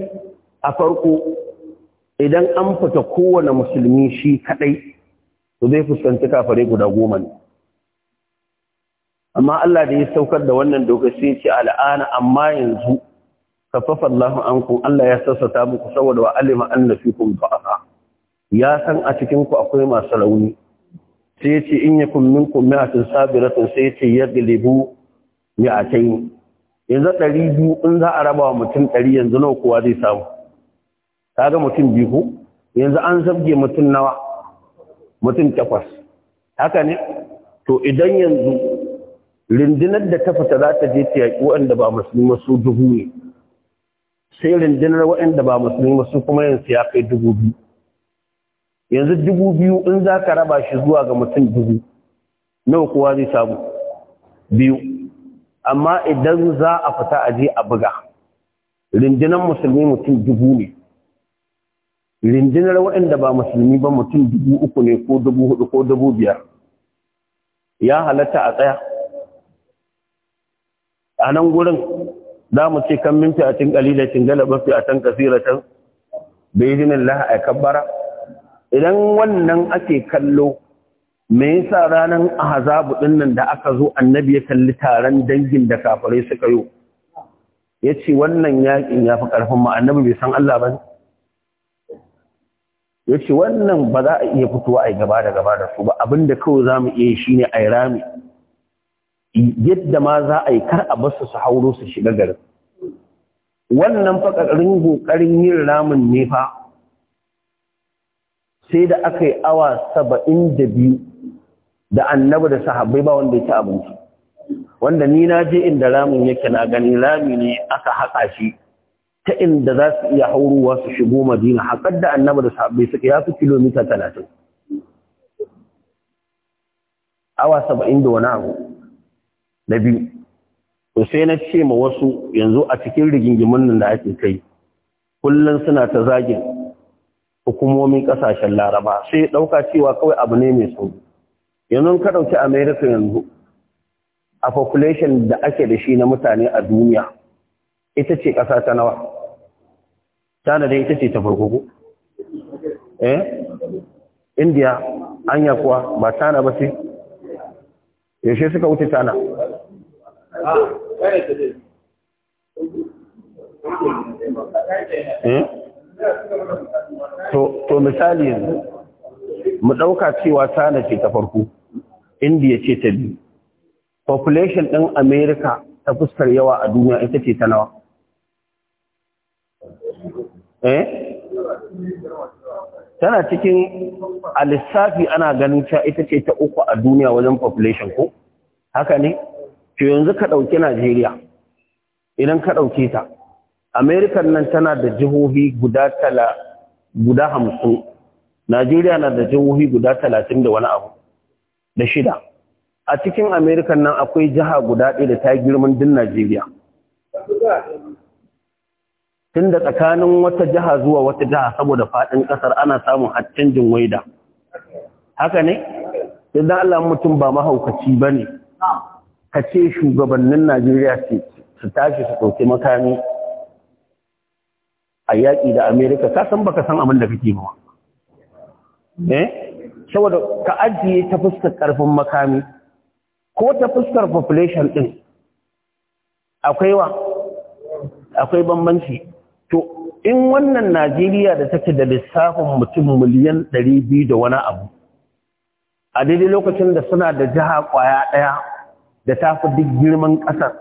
a farko idan an fita kowane musulmi shi kaɗai to zai fuskanci kafare guda goma ne amma Allah da ya saukar da wannan dokaci sai ce al'ana amma yanzu kafafa Allah ankum Allah ya sassata muku saboda wa alima anna kun da'afa ya san a cikin ku akwai masu rauni sai ce in min kun mi'atun sabiratun sai ce ya a mi'atayn yanzu ɗari biyu in za a raba wa mutum ɗari yanzu nawa kowa zai samu Ta ga mutum biyu yanzu an zabge mutum nawa mutum takwas haka ne to idan yanzu rundunar da ta fita za ta je ta yaƙi waɗanda ba musulmi su dubu ne sai rundunar waɗanda ba musulmi su kuma yanzu ya kai dubu biyu yanzu dubu biyu in za ka raba shi zuwa ga mutum dubu nawa kowa zai samu biyu amma idan za a fita a je a buga rundunar musulmi mutum dubu ne rindinar waɗanda ba musulmi ba mutum dubu uku ne ko dubu hudu ko dubu biyar ya halatta a tsaya a nan gurin za mu ce kan minti a mafi a can kasira can. Bai bi idhnillah a kabbara idan wannan ake kallo me yasa ranar hazabu ɗinnan da aka zo annabi ya kalli taron dangin da kafirai suka yi ce wannan yakin fi karfin ma annabi bai san Allah ne ya ce wannan ba za a iya fitowa a gaba da gaba da su ba abinda kawai za mu iya shi ne a yi rami yadda ma za a yi kar a basu su hauro su shiga garin wannan fakarin kokarin yin ramin nefa sai da aka yi awa saba'in da biyu da annabi da sahabbai ba wanda ya ci abinci wanda ni na je inda ramin yake na gani rami ne aka haƙa shi ta inda za su iya haurowa su shigo madina haƙar da annaba da sahabbai suka ya fi kilomita talatin awa saba'in da wani abu na biyu sai na ce ma wasu yanzu a cikin rigingimin nan da ake kai kullum suna ta zagin hukumomin ƙasashen laraba sai ɗauka cewa kawai abu ne mai sauki yanzu ka ɗauki america yanzu a population da ake da shi na mutane a duniya ita ce ƙasa ta nawa Tana dai ita ce ta farko ko eh Indiya, anya kuwa ba tana ba sai? yaushe suka wuce Eh? to misali yanzu mu ɗauka cewa tana ce ta farko india ce ta biyu population ɗin america ta fuskar yawa a duniya ita ce ta nawa eh tana cikin a lissafi ana ganin cewa ita ce ta uku a duniya wajen population ko haka ne to yanzu ka ɗauki Najeriya idan ka ɗauke ta Amerikan nan tana da jihohi guda tala guda hamsin Najeriya na da jihohi guda talatin da wani abu da shida a cikin Amerikan nan akwai jiha guda ɗaya da ta girman din Najeriya tun da tsakanin wata jiha zuwa wata jiha saboda faɗin ƙasar ana samun canjin waida haka ne idan Allah mutum ba mahaukaci ba ne ka ce shugabannin Najeriya su tashi su ɗauki makami a yaƙi da Amerika ka san baka san abin da kake ba eh saboda ka ajiye ta fuskar ƙarfin makami ko ta fuskar population ɗin akwai wa akwai bambanci to in wannan najeriya da take da lissafin mutum miliyan ɗari biyu da wani abu a daidai lokacin da suna da jiha ƙwaya ɗaya da ta fi duk girman ƙasar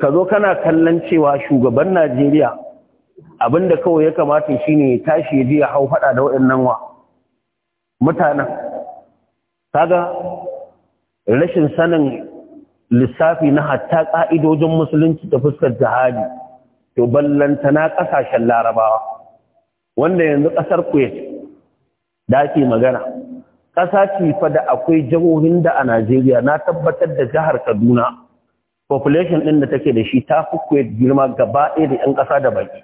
ka zo kana kallon cewa shugaban najeriya abinda kawai ya kamata shine tashi ya ji ya hau faɗa da waɗannan wa mutanen kaga rashin sanin lissafi na hatta ƙa'idojin musulunci da fuskar jihadi to ballantana ƙasashen larabawa wanda yanzu ƙasar kuwait da ake magana ƙasa ce fa da akwai jihohin da a najeriya na tabbatar da jihar kaduna population ɗin da take da shi ta fi kuwait girma gaba ɗaya da 'yan ƙasa da baki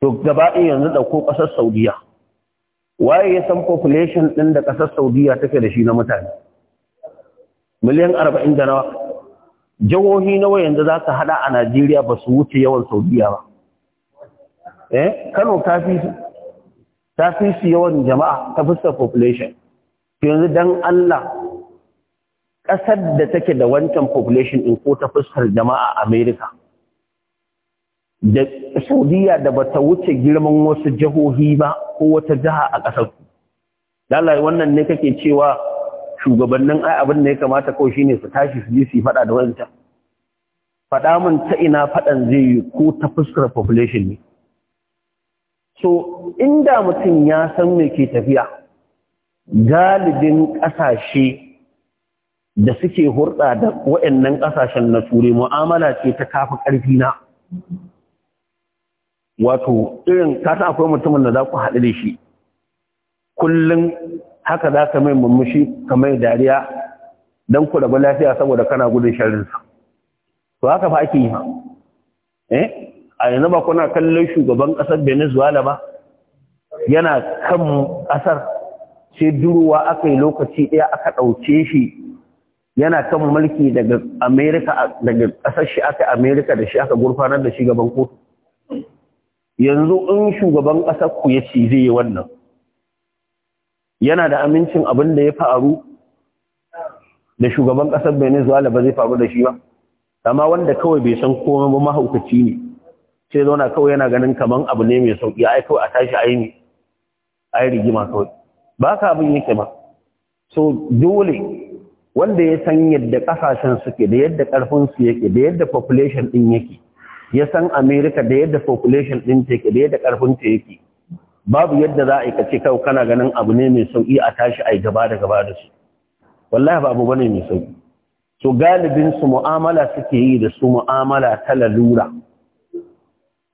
to gaba ɗaya yanzu ɗauko ƙasar saudiya waye ya san population ɗin da ƙasar saudiya take da shi na mutane miliyan arba'in da nawa jihohi nawa yanzu za ka hada a Najeriya ba su wuce yawan Saudiya ba. Eh, Kano ta fi su yawan jama'a ta fuskar population. Yanzu don Allah ƙasar da take da wancan population in ko ta fuskar jama'a Amerika Da Saudiya da bata wuce girman wasu jihohi ba ko wata jiha a ƙasar. Lallai wannan ne kake cewa shugabannin ai abin da ya kamata kawai shine su tashi su yi su faɗa da wancan faɗa min ta ina faɗan zai yi ko ta fuskar population ne so inda mutum ya san me ke tafiya galibin ƙasashe da suke hurɗa da waɗannan ƙasashen na turai mu'amala ce ta kafa ƙarfi na wato irin kasan akwai mutumin da za ku haɗu da shi kullum haka za ka mai murmushi ka mai dariya don ku rabu lafiya saboda kana gudun sharinsa to haka fa ake yi ma eh a yanzu ba kuna kallon shugaban ƙasar venezuela ba yana kan ƙasar sai duruwa aka yi lokaci ɗaya aka ɗauke shi yana kan mulki daga amerika daga ƙasar shi aka amerika da shi aka gurfanar da shi gaban kotu yanzu in shugaban ƙasar ku ya ci zai yi wannan yana da amincin abin da ya faru da shugaban ƙasar venezuela ba zai faru da shi ba amma wanda kawai bai san komai ba mahaukaci ne sai zauna kawai yana ganin kamar abu ne mai sauƙi ai kawai a tashi yi ne ai rigima kawai ba ka abin yake ba so dole wanda ya san yadda ƙasashen suke da yadda ƙarfinsu su yake da yadda population din yake ya san america da yadda population din take da yadda ƙarfin ta yake babu yadda za a yi kace kawai kana ganin abu ne mai sauki a tashi a yi gaba da gaba da su wallahi ba abu bane mai sauki to galibin su mu'amala suke yi da su mu'amala ta lalura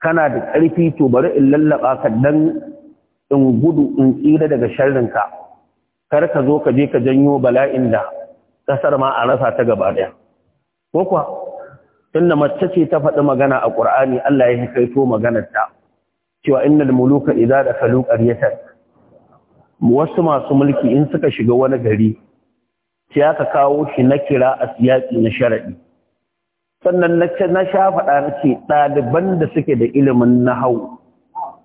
kana da ƙarfi to bari in lallaba ka dan in gudu in tsira daga sharrin ka kar ka zo ka je ka janyo bala'in da kasar ma a rasa ta gaba daya ko kuwa tunda mace ce ta faɗi magana a ƙur'ani, Allah ya to maganar ta cewa al muluka idza dakhalu qaryatan wasu masu mulki in suka shiga wani gari sai aka kawo shi na kira a siyaki na sharadi sannan na na sha fada nake ce ɗaliban da suke da ilimin nahau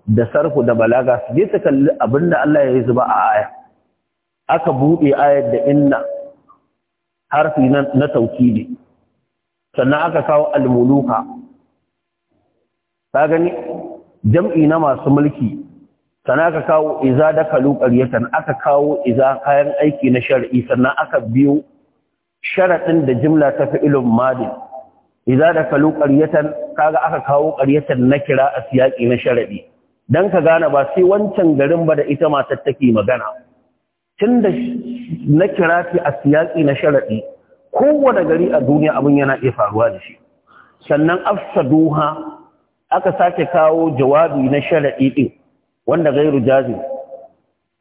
da sarfu da balaga su je su kalli abinda Allah ya yi zuba a aya aka buɗe ayar da inna harfi na tawkidi sannan aka kawo almuluka ka gani jam'i na masu mulki sana ka kawo iza da kalu ƙaryatan aka kawo iza kayan aiki na shari’i sannan aka biyo sharaɗin da jimla ta ilin madin iza da kalu ƙaryatan kaga aka kawo ƙaryatan na kira a siyaƙi na sharaɗi don ka gane ba sai wancan garin ba da ita matar take magana tun da na kira a siyaƙi na sharaɗi kowane gari a duniya abin yana iya faruwa da shi sannan afsaduha aka sake kawo jawabi na shar'i din wanda gairu jazi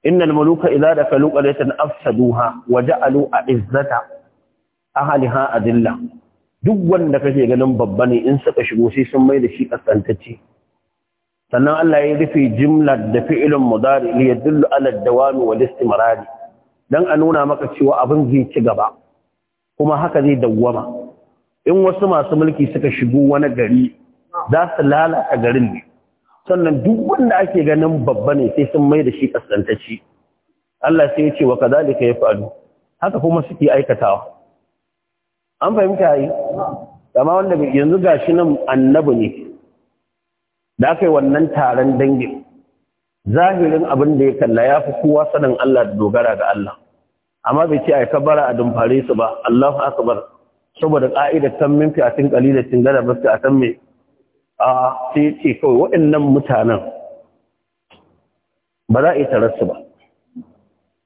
innal muluka idza dakalu qaryatan afsaduha wa ja'alu a'izzata ahliha adilla duk wanda kake ganin babba ne in suka shigo sai sun mai da shi kasantacce sannan Allah ya rufe jimla da fi'ilin mudari li yadullu ala dawami wal istimrari dan a nuna maka cewa abin zai ci gaba kuma haka zai dawwama in wasu masu mulki suka shigo wani gari za su lalata garin ne sannan duk wanda ake ganin babba ne sai sun mai da shi kasantacci Allah sai ya ce wa kazalika yafalu haka kuma suke aikatawa an fahimta yi amma wanda yanzu gashi nan annabi ne da aka wannan taron dangin zahirin abin da ya kalla ya fi kowa sanin Allah da dogara ga Allah amma bai ce ai kabara a dumfare su ba Allahu akbar saboda ka'idar tan min fi'atin qalilatin gada basta atan mai a sai ce kawai waɗannan mutanen ba za a yi tararsu ba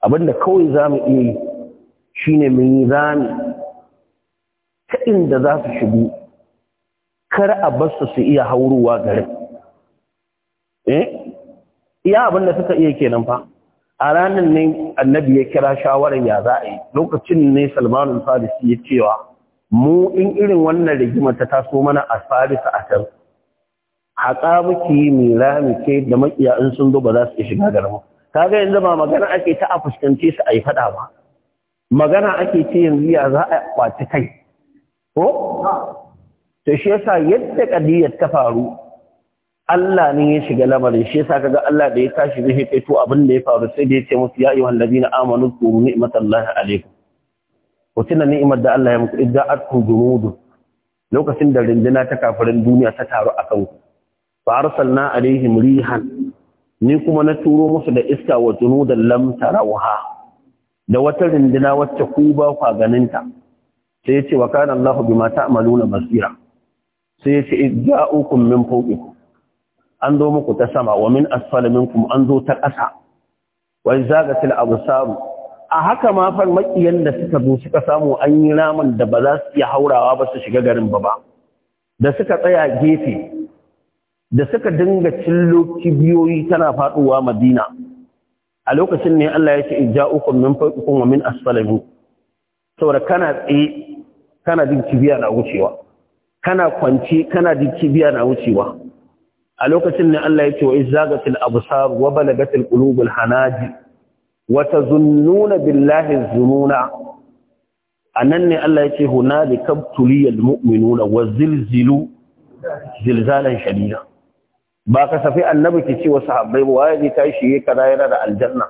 abinda kawai za mu iya yi shi ne mun yi mu ta inda za su shigo kar a basu su iya haurowa garin eh iya abinda suka iya kenan fa a ranar ne annabi ya kira shawarar ya za a yi lokacin ne salman farisi ya cewa mu in irin wannan rigimar ta taso mana a farisa a can haƙa muke rami muke da makiya in sun zo ba za su iya shiga garin kaga yanzu ba magana ake ta a fuskance su a yi faɗa ba magana ake ce yanzu ya za a kwaci kai ko to shi yasa yadda kadiyar ta faru Allah ne ya shiga lamarin shi yasa kaga Allah da ya tashi zai kai to abin da ya faru sai da ya ce musu ya ayyuhal ladina amanu qulu ni'matallahi alaikum ko tuna ni'imar da Allah ya muku idda'atkum junudu lokacin da rindina ta kafirin duniya ta taru a kanku. fa arsalna alaihim rihan ni kuma na turo musu da iska wa junudan lam tarawha da wata rindina wacce ku ba ku ganinta sai yace wa kana Allahu bima ta'maluna basira sai yace ja'ukum min fawqikum an zo muku ta sama wa min asfala minkum an zo ta ƙasa wa zagatil absar a haka ma far makiyan da suka zo suka samu an yi ramin da ba za su iya haurawa ba su shiga garin ba ba da suka tsaya gefe da suka dinga cillo kibiyoyi tana faɗuwa madina a lokacin ne Allah ya ce ija'ukum min fawqikum wa min asfalikum saboda kana tsaye kana jin kibiya na wucewa kana kwance kana jin kibiya na wucewa a lokacin ne Allah ya ce wa izagatil absar wa balagatil qulubul hanaji wa tazunnuna billahi zununa anan ne Allah ya ce hunalika tuliyal mu'minuna wa zilzilu zilzalan shadida ba ka safi annabi ki ce wasu habbai ba waye zai tashi ya kaza yana da aljanna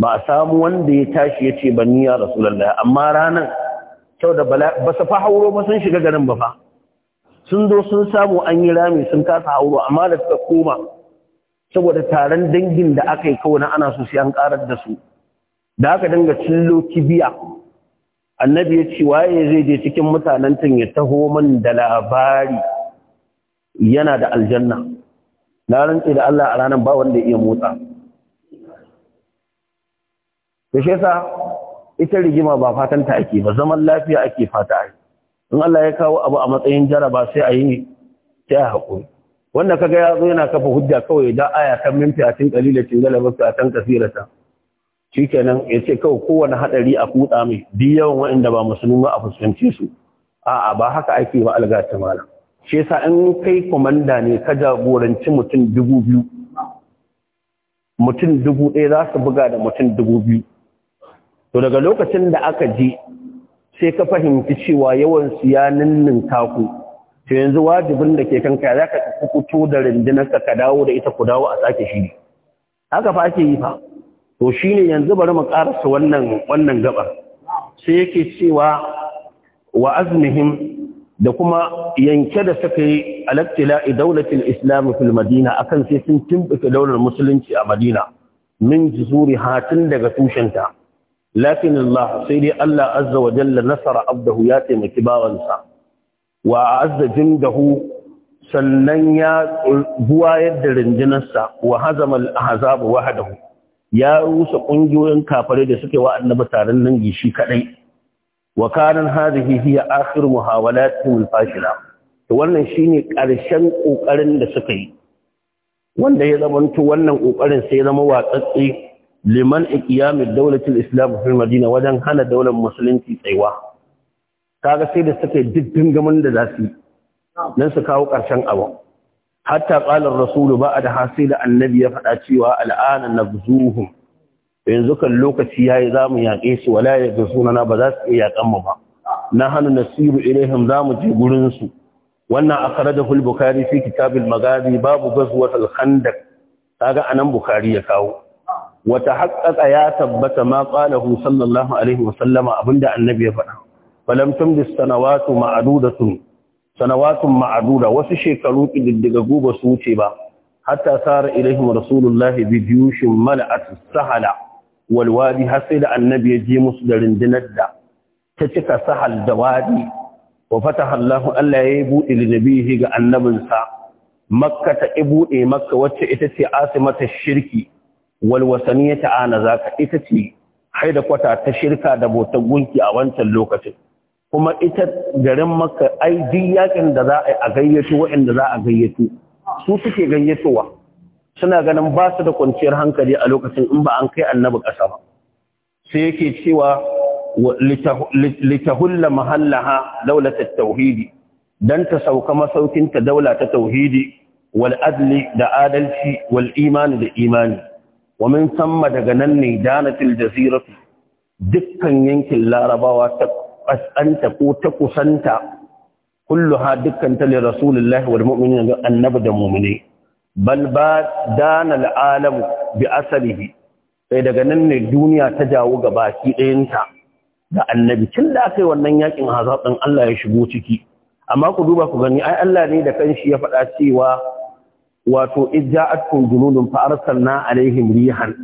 ba a samu wanda ya tashi ya ce ban ya lallai. amma ranar, kyau da bala ba su fa hauro ba sun shiga garin ba fa sun zo sun samu an yi rami sun kasa hauro amma da suka koma saboda taron dangin da aka yi kawai ana so sai an karar da su da aka dinga cillo kibiya annabi ya ce waye zai je cikin mutanen tun ya taho man da labari yana da aljanna na rantse da Allah a ranar ba wanda ya iya motsa da shi sa, ita rigima ba fatanta ta ake ba zaman lafiya ake fata ake. in Allah ya kawo abu a matsayin jaraba sai a yi ta a haƙuri wanda kaga ya zo yana kafa hujja kawai da aya kan min fi'atin qalilatin galaba fi'atan kasirata ya ce kawai kowane haɗari a kuɗa mai duk yawan waɗanda ba musulmi ba a fuskanci su a'a ba haka ake ba algata malam shi yasa in kai komanda ne ka jagoranci mutum dubu biyu mutum dubu ɗaya za su buga da mutum dubu biyu to daga lokacin da aka je sai ka fahimci cewa yawan su ya ninnin taku to yanzu wajibin da ke kanka za ka fito da rundunar ka dawo da ita ku dawo a sake shi haka fa ake yi fa to shine yanzu bari mu karasa wannan wannan gabar sai yake cewa wa azmihim da kuma yanke da suka yi alaktila daulatul islam fil madina akan sai sun tumbuke daular musulunci a madina min Zuri, hatin daga tushenta lakin Allah sai dai Allah azza wa jalla nasara abdahu ya taimaki bawansa wa azza jindahu sannan ya buwa yadda rinjinarsa wa hazama al-ahzab wahdahu ya rusa kungiyoyin kafare da suke wa annabi tarin nan gishi kadai wa kanan hadhihi hiya akhir muhawalatihim al-fashila to wannan shine karshen kokarin da suka yi wanda ya zamanto wannan kokarin sai zama watsatsi liman iqyamid dawlatil islam fil madina wajen hana daular musulunci tsaiwa kaga sai da suka yi diddin da zasu dan su kawo karshen abu hatta qala ar-rasul ba'da hasila annabi ya fada cewa al'ana nabzuhum yanzu kan lokaci yi za mu yaƙe su wala ya ga sunana ba za su iya yaƙan mu ba na hannu nasiru ilaihim za mu je gurin su wannan akhrajahu al-bukhari fi kitab al babu ghazwat al-khandaq kaga anan bukhari ya kawo Wata haƙƙaƙa ya tabbata ma qalahu sallallahu alaihi wa sallama abinda annabi ya faɗa falam tamdi sanawatu ma'dudatun sanawatun ma'duda wasu shekaru kididdiga goba su wuce ba hatta sara ilaihim rasulullahi bi jiyushin mala'at sahala walwadi har sai da annabi ya je musu da rundunar da ta cika sahal da wadi wa fataha Allah Allah ya buɗe linabihi ga annabinsa makka ta ibuɗe makka wacce ita ce asimata shirki wal ta ana zaka ita ce haida kwata ta shirka da botar gunki a wancan lokacin kuma ita garin makka ai duk yakin da za a gayyato waɗanda za a gayyato su suke gayyatowa suna ganin ba su da kwanciyar hankali a lokacin in ba an kai annabi ƙasa ba sai yake cewa litahulla mahallaha daulata tauhidi don ta sauka masaukin ta daula ta tauhidi wal da adalci wal'imani da imani wa min samma daga nan ne danatil jaziratu dukkan yankin larabawa ta ƙasanta ko ta kusanta kulluha dukkan ta li wal mu'minin annabi da muminai bal ba dana al'alamu bi asalihi sai daga nan ne duniya ta jawo ga baki ɗayanta da annabi tun da aka yi wannan yakin hazaɗin Allah ya shigo ciki amma ku duba ku gani ai Allah ne da kanshi ya faɗa cewa wato ija junudun fa arsalna alaihim rihan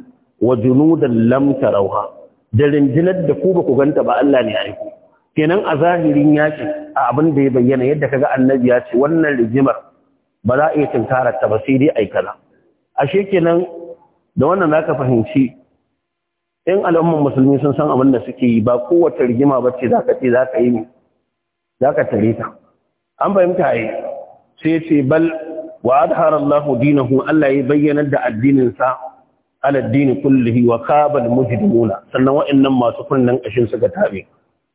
wa junudan lam tarawha da rinjinar da ku ba ku ganta ba Allah ne ya aiko kenan a zahirin yakin a abin da ya bayyana yadda kaga annabi ya ce wannan rijimar ba za a iya tunkarar ta ba sai dai yi kaza ashe kenan da wannan zaka fahimci in al'umman musulmi sun san abin da suke yi ba kowace rigima ba ce zaka ce ka yi ka tare ta an fahimta ai sai ce bal wa adhara Allah dinahu Allah ya bayyana da addinin sa ala addini kullihi wa qabal mujrimuna sannan wa'annan masu kunnan kashin suka tabe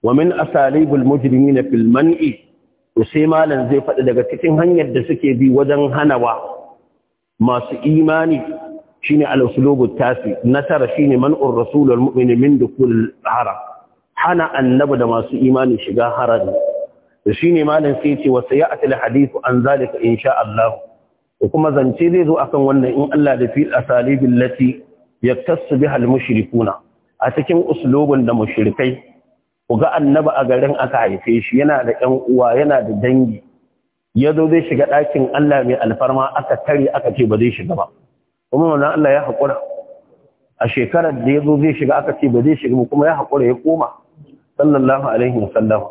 wa min asalibul mujrimina fil man'i sai malam zai faɗi daga cikin hanyar da suke bi wajen hanawa masu imani shine al tasi nasara shine man'ur rasulul mu'min min dukul haram hana annabi da masu imani shiga harami shine malam sai ce wa sayati al-hadithu an zalika insha Allah kuma zance zai zo akan wannan in Allah da fi asalibil lati yaktasu biha al-mushrikuna a cikin uslubun da mushrikai ku ga annaba a garin aka haife shi yana da ƴan uwa yana da dangi ya zo zai shiga ɗakin Allah mai alfarma aka tare aka ce ba zai shiga ba kuma wannan Allah ya haƙura a shekarar da ya zo zai shiga aka ce ba zai shiga kuma ya haƙura ya koma sallallahu alaihi wasallam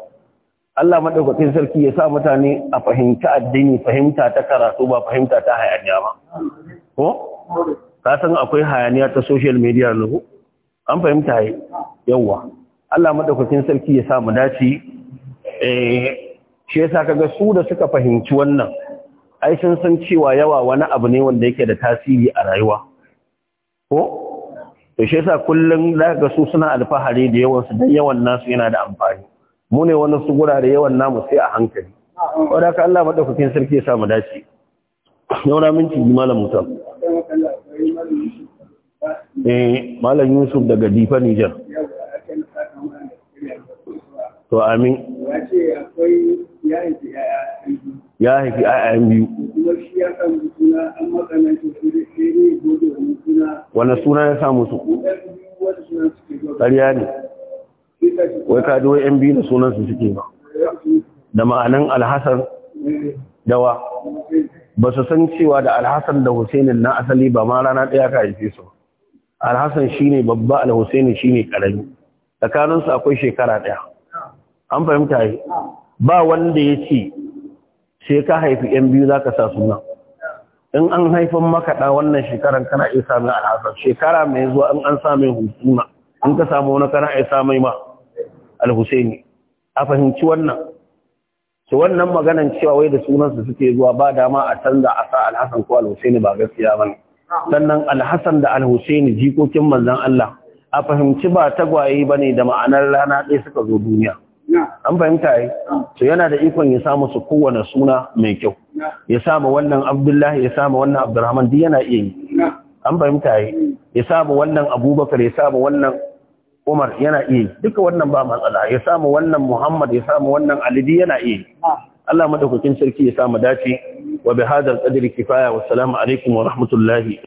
Allah madaukakin sarki ya sa mutane a fahimta addini fahimta ta karatu ba fahimta ta hayaniya ba ko ka san akwai hayaniya ta social media ne an fahimta yawa Allah madaukakin sarki ya sa mu dace eh shi yasa kaga su da suka fahimci wannan ai sun san cewa yawa wani abu ne wanda yake da tasiri a rayuwa ko to shi yasa kullun zaka su suna alfahari da yawan su dan yawan nasu yana da amfani mu ne wani su gurare yawan namu sai a hankali wanda ka Allah madaukakin sarki ya sa mu dace yaura minti malam mutum eh malam Yusuf daga Difa Niger to amin ya haifi ayan biyu wani suna ya sa su ƙarya ne wai ji wai yan biyu da sunansu suke da ma'anin alhassan dawa ba su san cewa da alhassan da husainin na asali ba ma rana ɗaya ka haife su alhassan shine babba alhussaini shine ƙarami tsakaninsu akwai shekara ɗaya an fahimta yi ba wanda ya ce sai ka haifi yan biyu za ka sa suna in an haifin makaɗa wannan shekaran kana iya sami alhassan shekara mai zuwa in an sami hussuna in ka samu wani kana iya sami ma alhussaini a fahimci wannan su wannan maganan cewa wai da sunansu suke zuwa ba dama a canza a sa alhassan ko alhussaini ba gaskiya ba ne sannan alhassan da alhussaini jikokin manzan Allah a fahimci ba tagwaye ba ne da ma'anar rana ɗaya suka zo duniya an fahimta yi to yana da ikon ya samu su kowane suna mai kyau ya samu wannan abdullahi ya samu wannan abdurrahman duk yana iya yi an fahimta yi ya samu wannan abubakar ya samu wannan umar yana iya yi duka wannan ba matsala ya samu wannan muhammad ya samu wannan alidi yana iya yi Allah madaukakin sarki ya samu dace wa bihadar qadri kifaya wassalamu alaikum wa rahmatullahi